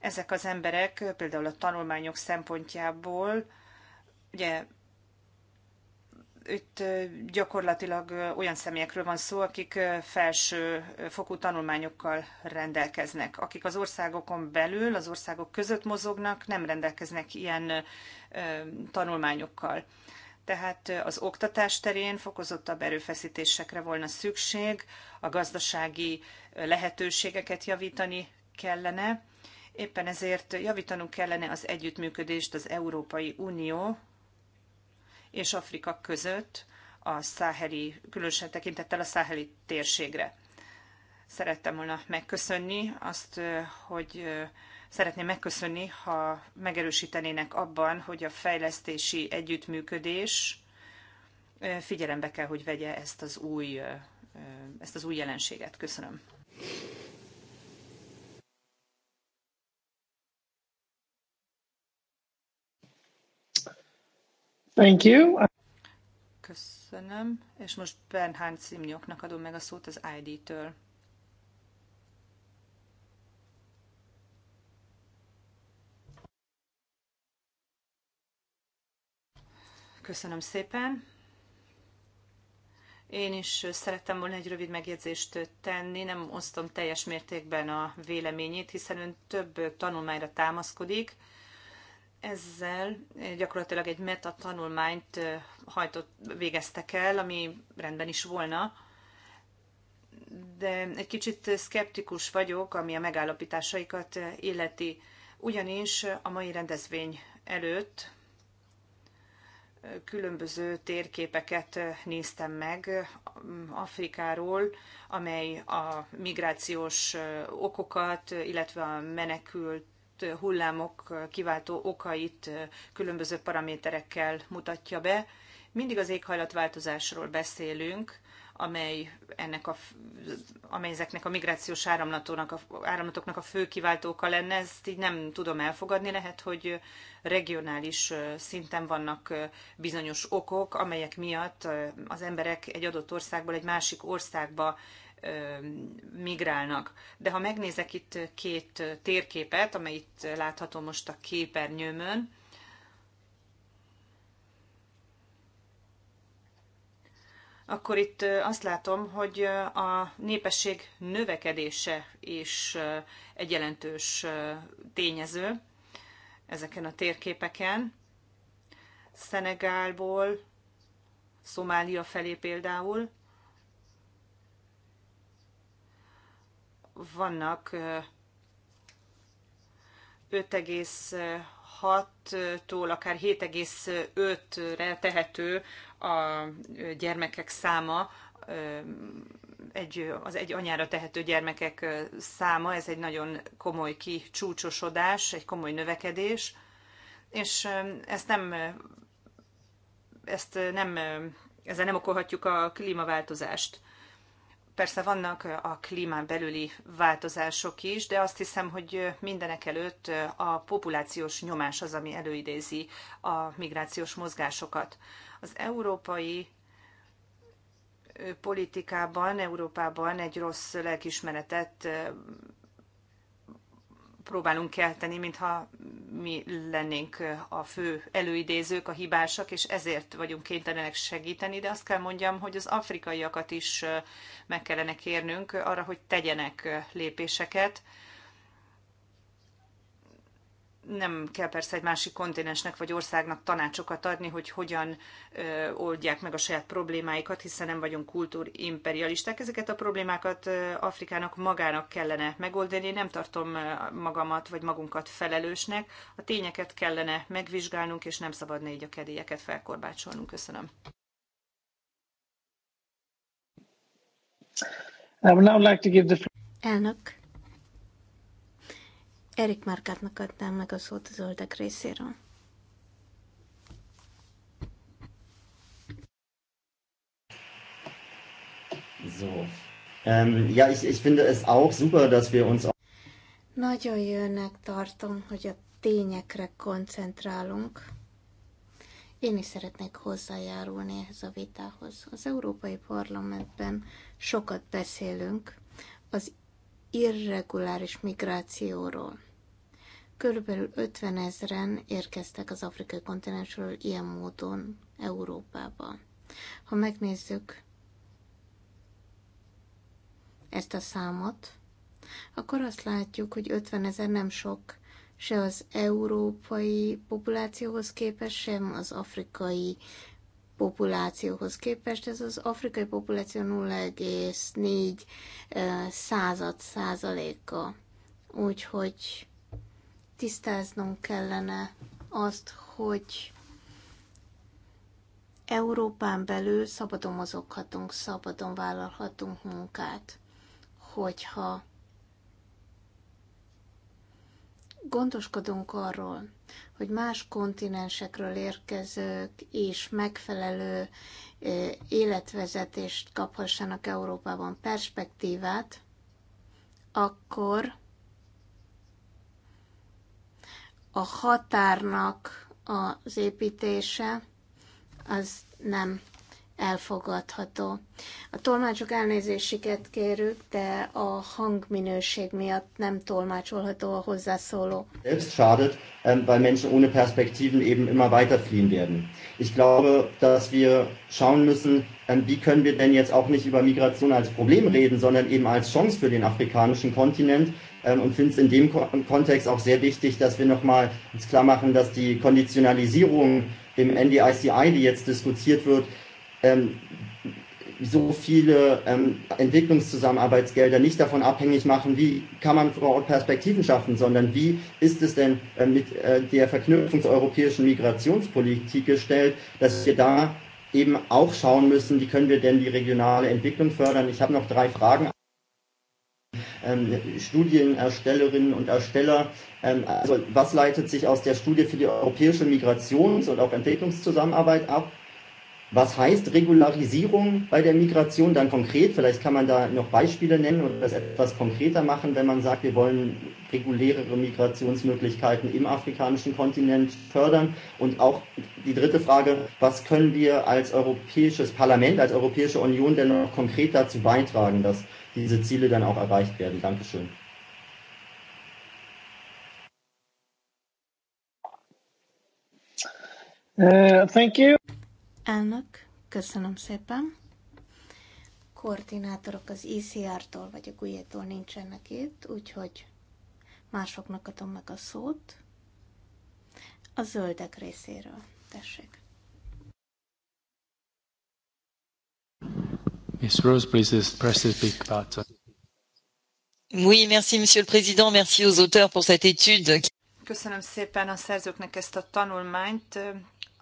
S1: Ezek az emberek például a tanulmányok szempontjából, ugye itt gyakorlatilag olyan személyekről van szó, akik felső fokú tanulmányokkal rendelkeznek, akik az országokon belül, az országok között mozognak, nem rendelkeznek ilyen tanulmányokkal. Tehát az oktatás terén fokozottabb erőfeszítésekre volna szükség, a gazdasági lehetőségeket javítani kellene, Éppen ezért javítanunk kellene az együttműködést az Európai Unió és Afrika között, a száheli, különösen tekintettel a száheli térségre. Szerettem volna megköszönni azt, hogy szeretném megköszönni, ha megerősítenének abban, hogy a fejlesztési együttműködés figyelembe kell, hogy vegye ezt az új, ezt az új jelenséget. Köszönöm. Thank you. Köszönöm. És most Bernhard Szimnyoknak adom meg a szót az ID-től. Köszönöm szépen. Én is szerettem volna egy rövid megjegyzést tenni, nem osztom teljes mértékben a véleményét, hiszen ön több tanulmányra támaszkodik, ezzel eh, gyakorlatilag egy meta tanulmányt eh, hajtott, végeztek el, ami rendben is volna, de egy kicsit szkeptikus vagyok, ami a megállapításaikat eh, illeti, ugyanis a mai rendezvény előtt különböző térképeket néztem meg Afrikáról, amely a migrációs okokat, illetve a menekült hullámok kiváltó okait különböző paraméterekkel mutatja be. Mindig az éghajlatváltozásról beszélünk, amely, ennek a, amely ezeknek a migrációs a, áramlatoknak a fő kiváltóka lenne, ezt így nem tudom elfogadni. Lehet, hogy regionális szinten vannak bizonyos okok, amelyek miatt az emberek egy adott országból egy másik országba migrálnak. De ha megnézek itt két térképet, amely itt látható most a képernyőmön, akkor itt azt látom, hogy a népesség növekedése is egy jelentős tényező ezeken a térképeken. Szenegálból, Szomália felé például, vannak 5,6-tól akár 7,5-re tehető a gyermekek száma, egy, az egy anyára tehető gyermekek száma, ez egy nagyon komoly kicsúcsosodás, egy komoly növekedés, és ezt nem, ezt nem, ezzel nem okolhatjuk a klímaváltozást. Persze vannak a klímán belüli változások is, de azt hiszem, hogy mindenek előtt a populációs nyomás az, ami előidézi a migrációs mozgásokat. Az európai politikában, Európában egy rossz lelkismeretet próbálunk kelteni, mintha mi lennénk a fő előidézők, a hibásak, és ezért vagyunk kénytelenek segíteni, de azt kell mondjam, hogy az afrikaiakat is meg kellene kérnünk arra, hogy tegyenek lépéseket, nem kell persze egy másik kontinensnek vagy országnak tanácsokat adni, hogy hogyan ö, oldják meg a saját problémáikat, hiszen nem vagyunk kultúrimperialisták. Ezeket a problémákat ö, Afrikának magának kellene megoldani. Én nem tartom magamat vagy magunkat felelősnek. A tényeket kellene megvizsgálnunk, és nem szabadna így a kedélyeket felkorbácsolnunk. Köszönöm.
S2: I would now like to give the...
S1: Elnök.
S4: Erik Márkátnak adtam meg a szót a zöldek részéről.
S2: So. Um, ja, ich, ich finde es auch super, dass wir uns... auch
S4: Nagyon jönnek tartom, hogy a tényekre koncentrálunk. Én is szeretnék hozzájárulni ehhez a vitához. Az Európai Parlamentben sokat beszélünk az irreguláris migrációról. Körülbelül 50 ezeren érkeztek az afrikai kontinensről ilyen módon Európába. Ha megnézzük ezt a számot, akkor azt látjuk, hogy 50 ezer nem sok, se az európai populációhoz képest, sem az afrikai populációhoz képest. Ez az afrikai populáció 0,4 század százaléka. Úgyhogy tisztáznunk kellene azt, hogy Európán belül szabadon mozoghatunk, szabadon vállalhatunk munkát, hogyha gondoskodunk arról, hogy más kontinensekről érkezők és megfelelő életvezetést kaphassanak Európában perspektívát, akkor a határnak az építése az nem elfogadható. A tolmácsok elnézésiket kérünk, de a hangminőség miatt nem tolmácsolható a hozzászóló.
S2: Selbst schadet, ähm, weil Menschen ohne Perspektiven eben immer weiter fliehen werden. Ich glaube, dass wir schauen müssen, ähm, wie können wir denn jetzt auch nicht über Migration als Problem reden, sondern eben als Chance für den afrikanischen Kontinent, Äh, und finde es in dem Kontext auch sehr wichtig, dass wir nochmal uns klar machen, dass die Konditionalisierung im NDICI, die jetzt diskutiert wird, ähm, so viele ähm, Entwicklungszusammenarbeitsgelder nicht davon abhängig machen, wie kann man vor Ort Perspektiven schaffen, sondern wie ist es denn äh, mit äh, der Verknüpfung zur europäischen Migrationspolitik gestellt, dass wir da eben auch schauen müssen, wie können wir denn die regionale Entwicklung fördern. Ich habe noch drei Fragen Ähm, Studienerstellerinnen und Ersteller, ähm, also was leitet sich aus der Studie für die europäische Migrations- und auch Entwicklungszusammenarbeit ab? Was heißt Regularisierung bei der Migration dann konkret? Vielleicht kann man da noch Beispiele nennen und das etwas konkreter machen, wenn man sagt, wir wollen regulärere Migrationsmöglichkeiten im afrikanischen Kontinent fördern. Und auch die dritte Frage, was können wir als Europäisches Parlament, als Europäische Union denn noch konkret dazu beitragen, dass diese Ziele dann auch erreicht werden. Dankeschön.
S4: Uh, thank you. Elnök, köszönöm szépen. Koordinátorok az ICR-tól e vagy a gui tól nincsenek itt, úgyhogy másoknak adom meg a szót. A zöldek részéről, tessék.
S2: Miss Rose, please press the speak button. Oui, merci, Monsieur le Président. Merci aux
S1: auteurs pour cette étude. Köszönöm szépen a szerzőknek ezt a tanulmányt,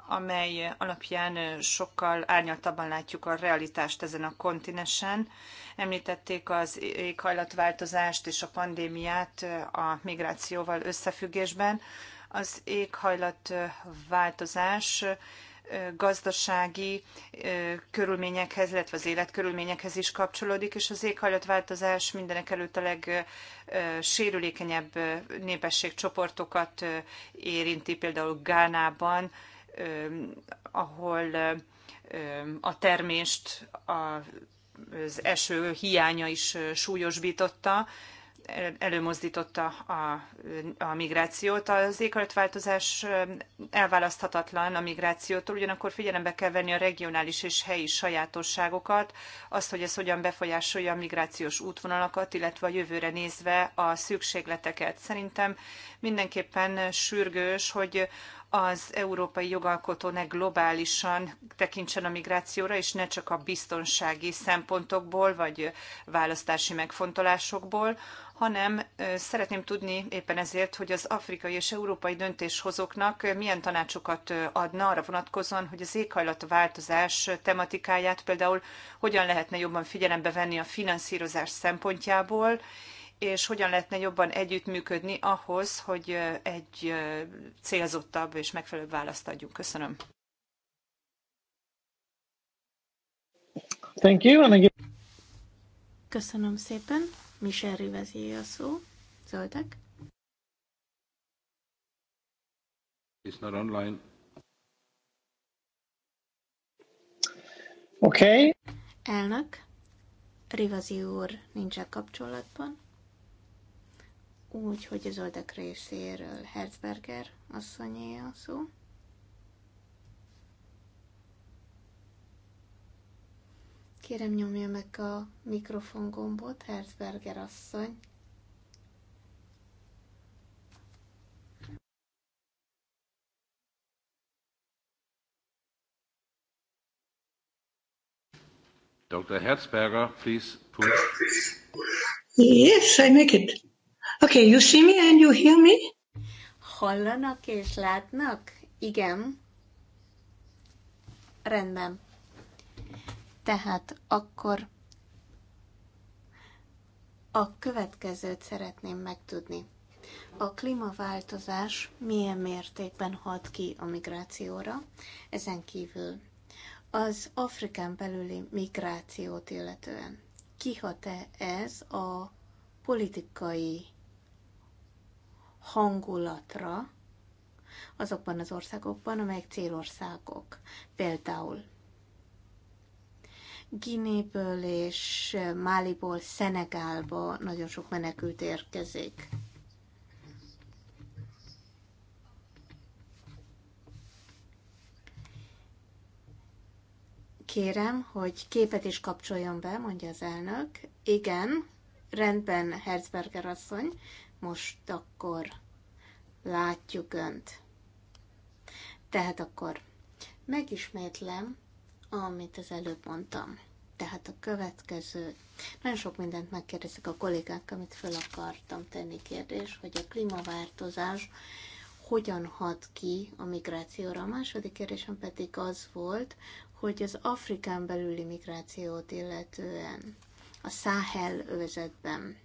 S1: amely alapján sokkal árnyaltabban látjuk a realitást ezen a kontinensen. Említették az éghajlatváltozást és a pandémiát a migrációval összefüggésben. Az éghajlatváltozás gazdasági körülményekhez, illetve az életkörülményekhez is kapcsolódik, és az éghajlatváltozás mindenek előtt a legsérülékenyebb népességcsoportokat érinti, például Gánában, ahol a termést az eső hiánya is súlyosbította, előmozdította a, a migrációt. Az éghajlatváltozás elválaszthatatlan a migrációtól, ugyanakkor figyelembe kell venni a regionális és helyi sajátosságokat, azt, hogy ez hogyan befolyásolja a migrációs útvonalakat, illetve a jövőre nézve a szükségleteket. Szerintem mindenképpen sürgős, hogy az európai jogalkotó ne globálisan tekintsen a migrációra, és ne csak a biztonsági szempontokból, vagy választási megfontolásokból, hanem szeretném tudni éppen ezért, hogy az afrikai és európai döntéshozóknak milyen tanácsokat adna arra vonatkozóan, hogy az éghajlatváltozás tematikáját például hogyan lehetne jobban figyelembe venni a finanszírozás szempontjából, és hogyan lehetne jobban együttműködni ahhoz, hogy egy célzottabb és megfelelőbb választ adjunk. Köszönöm.
S2: Thank you, and again.
S4: Köszönöm szépen. Michel Rivezi a szó. Zöldek.
S1: It's not online.
S2: Okay.
S4: Elnök, Rivazi úr a kapcsolatban úgy, hogy a zöldek részéről Herzberger asszonyé a szó. Kérem nyomja meg a mikrofon gombot, Herzberger asszony.
S2: Dr. Herzberger, please put.
S1: Yes, I make it. Okay, you see me and you hear me?
S4: Hallanak és látnak? Igen. Rendben. Tehát akkor a következőt szeretném megtudni. A klímaváltozás milyen mértékben hat ki a migrációra, ezen kívül az Afrikán belüli migrációt illetően. Kihat-e ez a politikai hangulatra azokban az országokban, amelyek célországok. Például Guinea-ből és Máliból, Szenegálba nagyon sok menekült érkezik. Kérem, hogy képet is kapcsoljon be, mondja az elnök. Igen, rendben, Herzberger asszony, most akkor látjuk Önt. Tehát akkor megismétlem, amit az előbb mondtam. Tehát a következő. Nagyon sok mindent megkérdeztek a kollégák, amit fel akartam tenni kérdés, hogy a klímaváltozás hogyan hat ki a migrációra. A második kérdésem pedig az volt, hogy az Afrikán belüli migrációt illetően a Száhel övezetben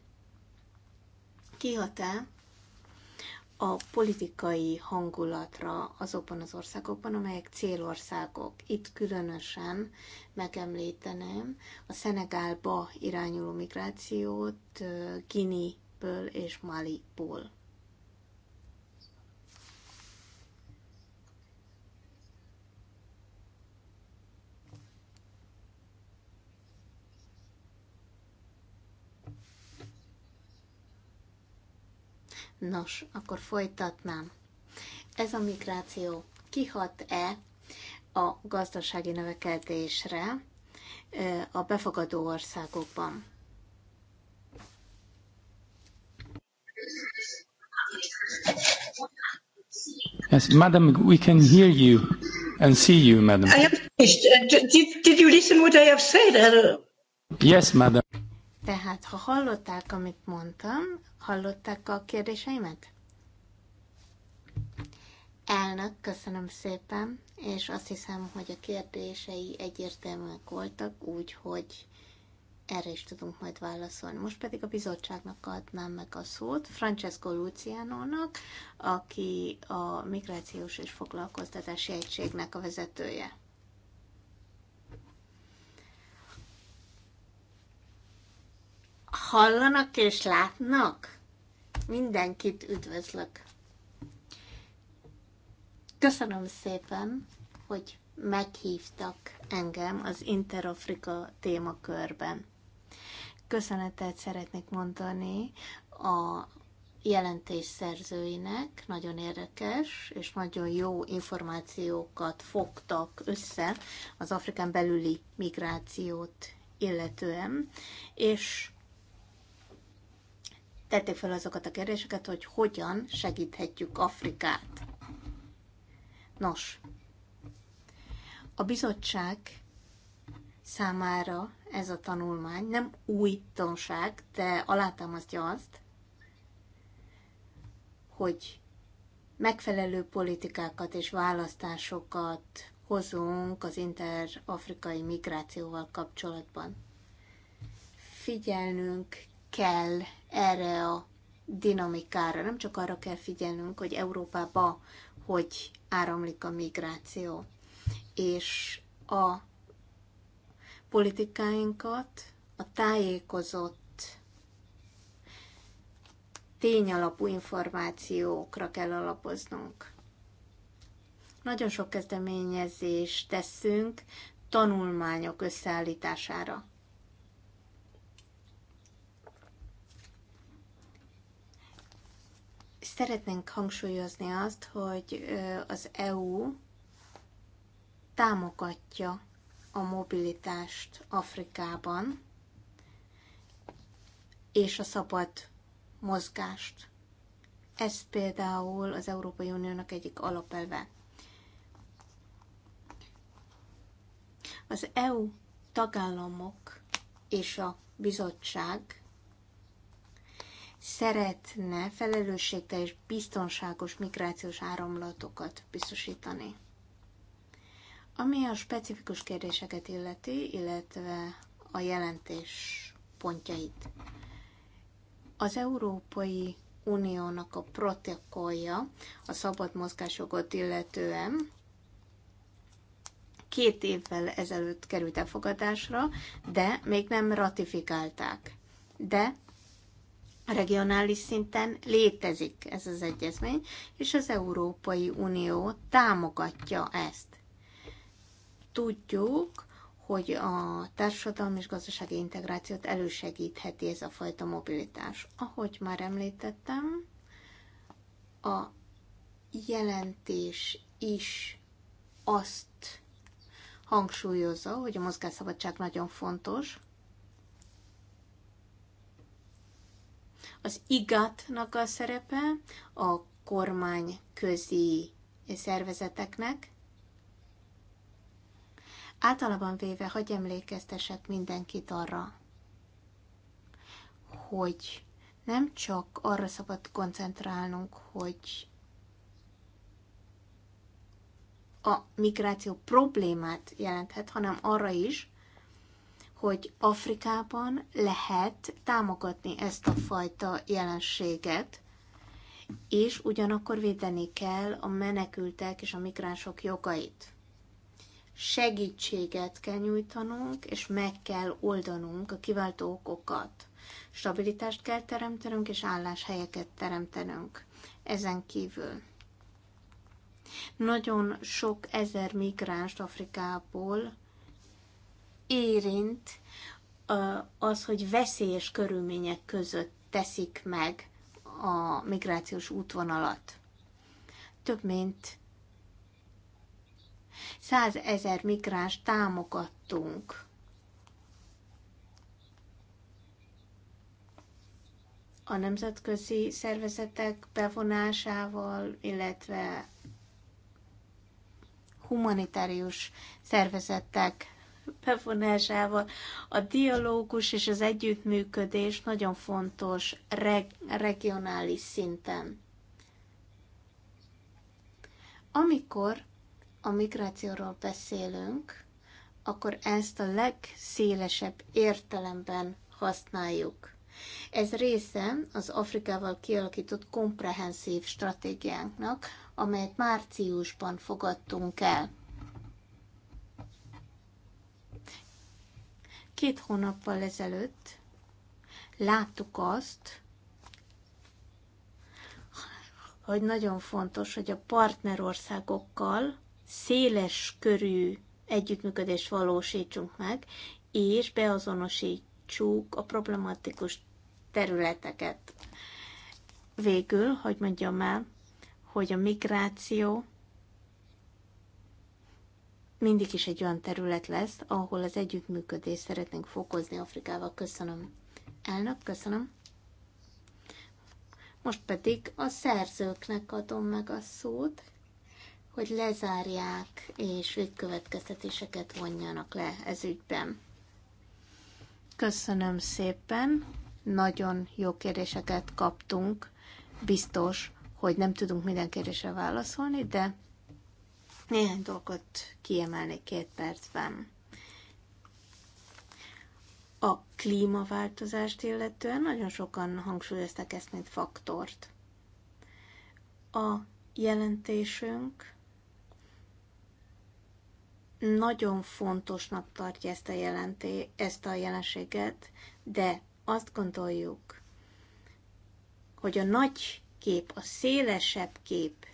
S4: kihat-e a politikai hangulatra azokban az országokban, amelyek célországok. Itt különösen megemlíteném a Szenegálba irányuló migrációt Giniből és Maliból. Nos, akkor folytatnám. Ez a migráció kihat-e a gazdasági növekedésre a befogadó országokban?
S2: Yes, madam, we can hear you and see you, madam. I
S4: have finished. Uh, did, did you listen what I have said? Uh,
S2: yes, madam.
S4: Tehát, ha hallották, amit mondtam, hallották a kérdéseimet? Elnök, köszönöm szépen, és azt hiszem, hogy a kérdései egyértelműek voltak, úgyhogy erre is tudunk majd válaszolni. Most pedig a bizottságnak adnám meg a szót, Francesco Lucianónak, aki a Migrációs és Foglalkoztatási Egységnek a vezetője. hallanak és látnak. Mindenkit üdvözlök. Köszönöm szépen, hogy meghívtak engem az Interafrika témakörben. Köszönetet szeretnék mondani a jelentés szerzőinek, nagyon érdekes, és nagyon jó információkat fogtak össze az Afrikán belüli migrációt illetően, és tették fel azokat a kérdéseket, hogy hogyan segíthetjük Afrikát. Nos, a bizottság számára ez a tanulmány nem új tanulság, de alátámasztja azt, hogy megfelelő politikákat és választásokat hozunk az interafrikai migrációval kapcsolatban. Figyelnünk kell erre a dinamikára. Nem csak arra kell figyelnünk, hogy Európába hogy áramlik a migráció, és a politikáinkat a tájékozott tényalapú információkra kell alapoznunk. Nagyon sok kezdeményezést teszünk tanulmányok összeállítására. szeretnénk hangsúlyozni azt, hogy az EU támogatja a mobilitást Afrikában és a szabad mozgást. Ez például az Európai Uniónak egyik alapelve. Az EU tagállamok és a bizottság szeretne felelősségteljes, biztonságos migrációs áramlatokat biztosítani. Ami a specifikus kérdéseket illeti, illetve a jelentés pontjait. Az Európai Uniónak a protokollja a szabad mozgásokat illetően két évvel ezelőtt került elfogadásra, de még nem ratifikálták. De a regionális szinten létezik ez az egyezmény, és az Európai Unió támogatja ezt. Tudjuk, hogy a társadalmi és gazdasági integrációt elősegítheti ez a fajta mobilitás. Ahogy már említettem, a jelentés is azt hangsúlyozza, hogy a mozgásszabadság nagyon fontos, az igatnak a szerepe, a kormány közi szervezeteknek. Általában véve, hagy emlékeztesek mindenkit arra, hogy nem csak arra szabad koncentrálnunk, hogy a migráció problémát jelenthet, hanem arra is, hogy Afrikában lehet támogatni ezt a fajta jelenséget, és ugyanakkor védeni kell a menekültek és a migránsok jogait. Segítséget kell nyújtanunk, és meg kell oldanunk a kiváltó okokat. Stabilitást kell teremtenünk, és álláshelyeket teremtenünk. Ezen kívül nagyon sok ezer migránst Afrikából érint az, hogy veszélyes körülmények között teszik meg a migrációs útvonalat. Több mint százezer migráns támogattunk. a nemzetközi szervezetek bevonásával, illetve humanitárius szervezetek bevonásával. A dialógus és az együttműködés nagyon fontos reg- regionális szinten. Amikor a migrációról beszélünk, akkor ezt a legszélesebb értelemben használjuk. Ez része az Afrikával kialakított komprehenszív stratégiánknak, amelyet márciusban fogadtunk el. Két hónappal ezelőtt láttuk azt, hogy nagyon fontos, hogy a partnerországokkal széles körű együttműködést valósítsunk meg, és beazonosítsuk a problematikus területeket. Végül, hogy mondjam el, hogy a migráció mindig is egy olyan terület lesz, ahol az együttműködést szeretnénk fokozni Afrikával. Köszönöm. Elnök, köszönöm. Most pedig a szerzőknek adom meg a szót, hogy lezárják és végkövetkeztetéseket vonjanak le ez ügyben. Köszönöm szépen, nagyon jó kérdéseket kaptunk. Biztos, hogy nem tudunk minden kérdésre válaszolni, de néhány dolgot kiemelni két percben. A klímaváltozást illetően nagyon sokan hangsúlyozták ezt, mint faktort. A jelentésünk nagyon fontosnak tartja ezt a, jelenté, ezt a jelenséget, de azt gondoljuk, hogy a nagy kép, a szélesebb kép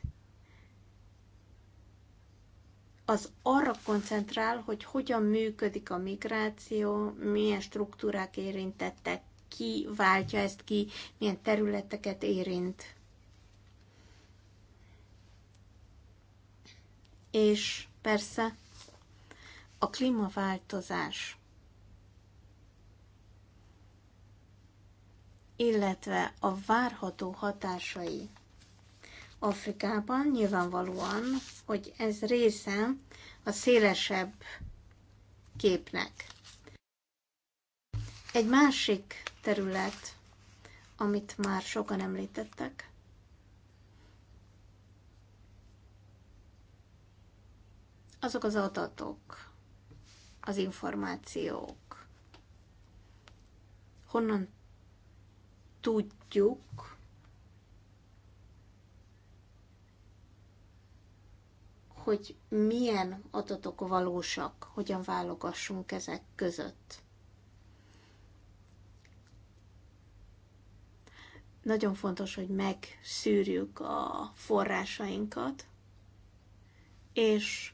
S4: az arra koncentrál, hogy hogyan működik a migráció, milyen struktúrák érintettek, ki váltja ezt ki, milyen területeket érint. És persze a klímaváltozás, illetve a várható hatásai Afrikában nyilvánvalóan, hogy ez része a szélesebb képnek. Egy másik terület, amit már sokan említettek, azok az adatok, az információk, honnan tudjuk, hogy milyen adatok valósak, hogyan válogassunk ezek között. Nagyon fontos, hogy megszűrjük a forrásainkat, és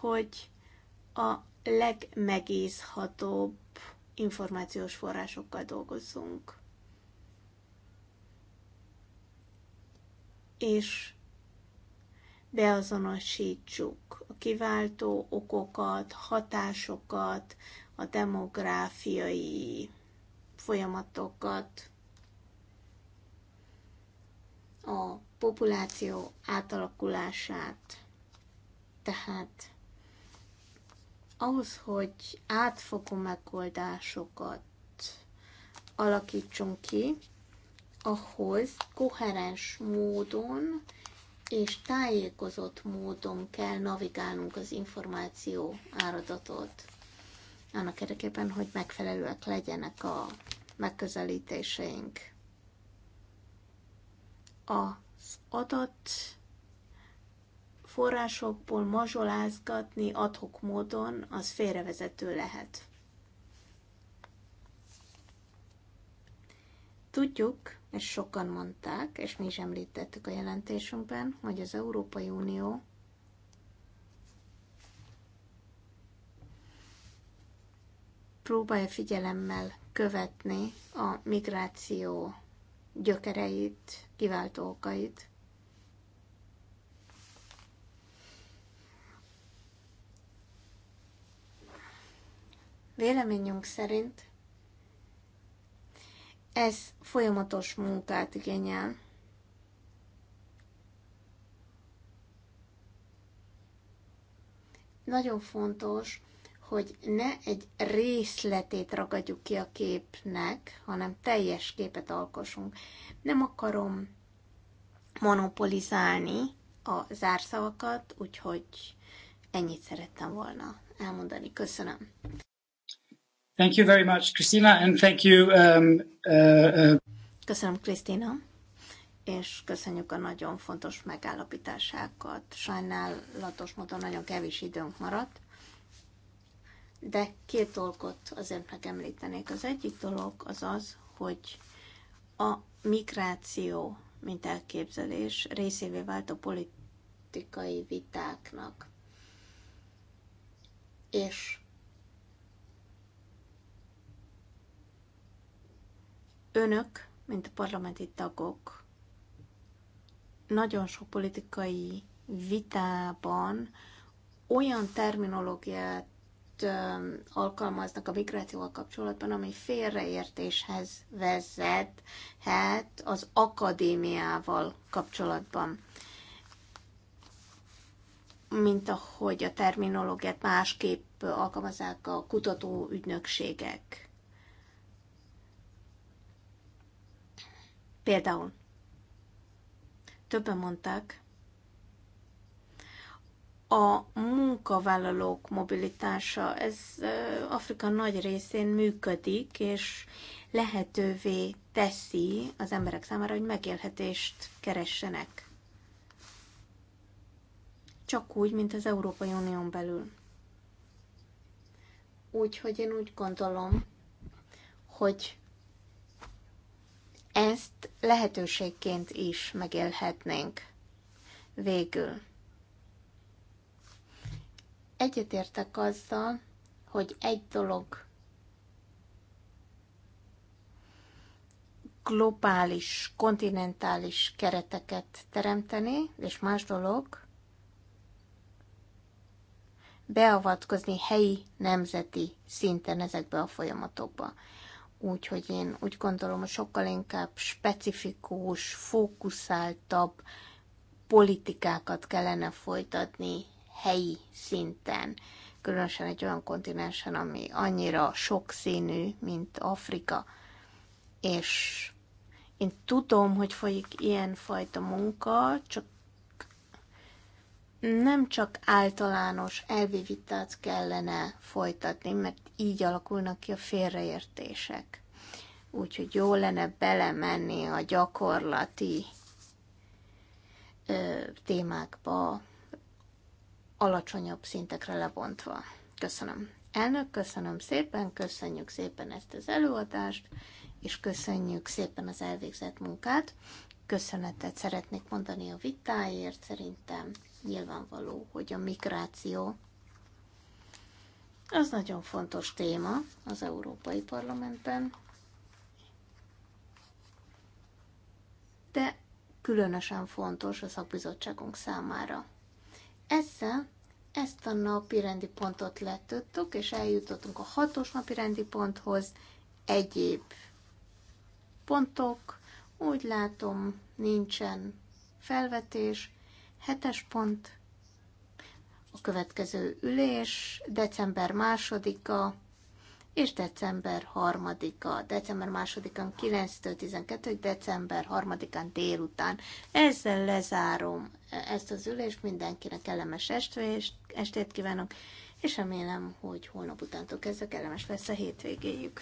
S4: hogy a legmegízhatóbb információs forrásokkal dolgozzunk. És beazonosítsuk a kiváltó okokat, hatásokat, a demográfiai folyamatokat, a populáció átalakulását. Tehát ahhoz, hogy átfogó megoldásokat alakítsunk ki, ahhoz koherens módon és tájékozott módon kell navigálnunk az információ áradatot, annak érdekében, hogy megfelelőek legyenek a megközelítéseink. Az adat forrásokból mazsolázgatni adhok módon, az félrevezető lehet. Tudjuk, és sokan mondták, és mi is említettük a jelentésünkben, hogy az Európai Unió próbálja figyelemmel követni a migráció gyökereit, kiváltó okait. Véleményünk szerint ez folyamatos munkát igényel. Nagyon fontos, hogy ne egy részletét ragadjuk ki a képnek, hanem teljes képet alkossunk. Nem akarom monopolizálni a zárszavakat, úgyhogy ennyit szerettem volna elmondani. Köszönöm.
S2: Thank you very much, Christina, and thank you. Um, uh, uh...
S4: Köszönöm, Krisztina, és köszönjük a nagyon fontos megállapításákat. Sajnálatos módon nagyon kevés időnk maradt, de két dolgot azért megemlítenék. Az egyik dolog az az, hogy a migráció, mint elképzelés, részévé vált a politikai vitáknak. És önök, mint a parlamenti tagok, nagyon sok politikai vitában olyan terminológiát alkalmaznak a migrációval kapcsolatban, ami félreértéshez vezet, hát az akadémiával kapcsolatban. Mint ahogy a terminológiát másképp alkalmazzák a kutatóügynökségek Például többen mondták, a munkavállalók mobilitása, ez Afrika nagy részén működik, és lehetővé teszi az emberek számára, hogy megélhetést keressenek. Csak úgy, mint az Európai Unión belül. Úgyhogy én úgy gondolom, hogy ezt lehetőségként is megélhetnénk. Végül. Egyetértek azzal, hogy egy dolog globális, kontinentális kereteket teremteni, és más dolog beavatkozni helyi, nemzeti szinten ezekbe a folyamatokba. Úgyhogy én úgy gondolom, hogy sokkal inkább specifikus, fókuszáltabb politikákat kellene folytatni helyi szinten, különösen egy olyan kontinensen, ami annyira sokszínű, mint Afrika. És én tudom, hogy folyik ilyenfajta munka, csak nem csak általános elvi vitát kellene folytatni, mert így alakulnak ki a félreértések. Úgyhogy jó lenne belemenni a gyakorlati ö, témákba, alacsonyabb szintekre lebontva. Köszönöm. Elnök, köszönöm szépen, köszönjük szépen ezt az előadást, és köszönjük szépen az elvégzett munkát köszönetet szeretnék mondani a vitáért. Szerintem nyilvánvaló, hogy a migráció az nagyon fontos téma az Európai Parlamentben, de különösen fontos a szakbizottságunk számára. Ezzel ezt a napi rendi pontot letöttük, és eljutottunk a hatos napi rendi ponthoz. Egyéb pontok, úgy látom, nincsen felvetés. Hetes pont. A következő ülés december másodika és december harmadika. a december másodikán 9-től 12 december harmadikán délután. Ezzel lezárom ezt az ülést, mindenkinek kellemes estvést, estét kívánok, és remélem, hogy holnap utántól kezdve kellemes lesz a hétvégéjük.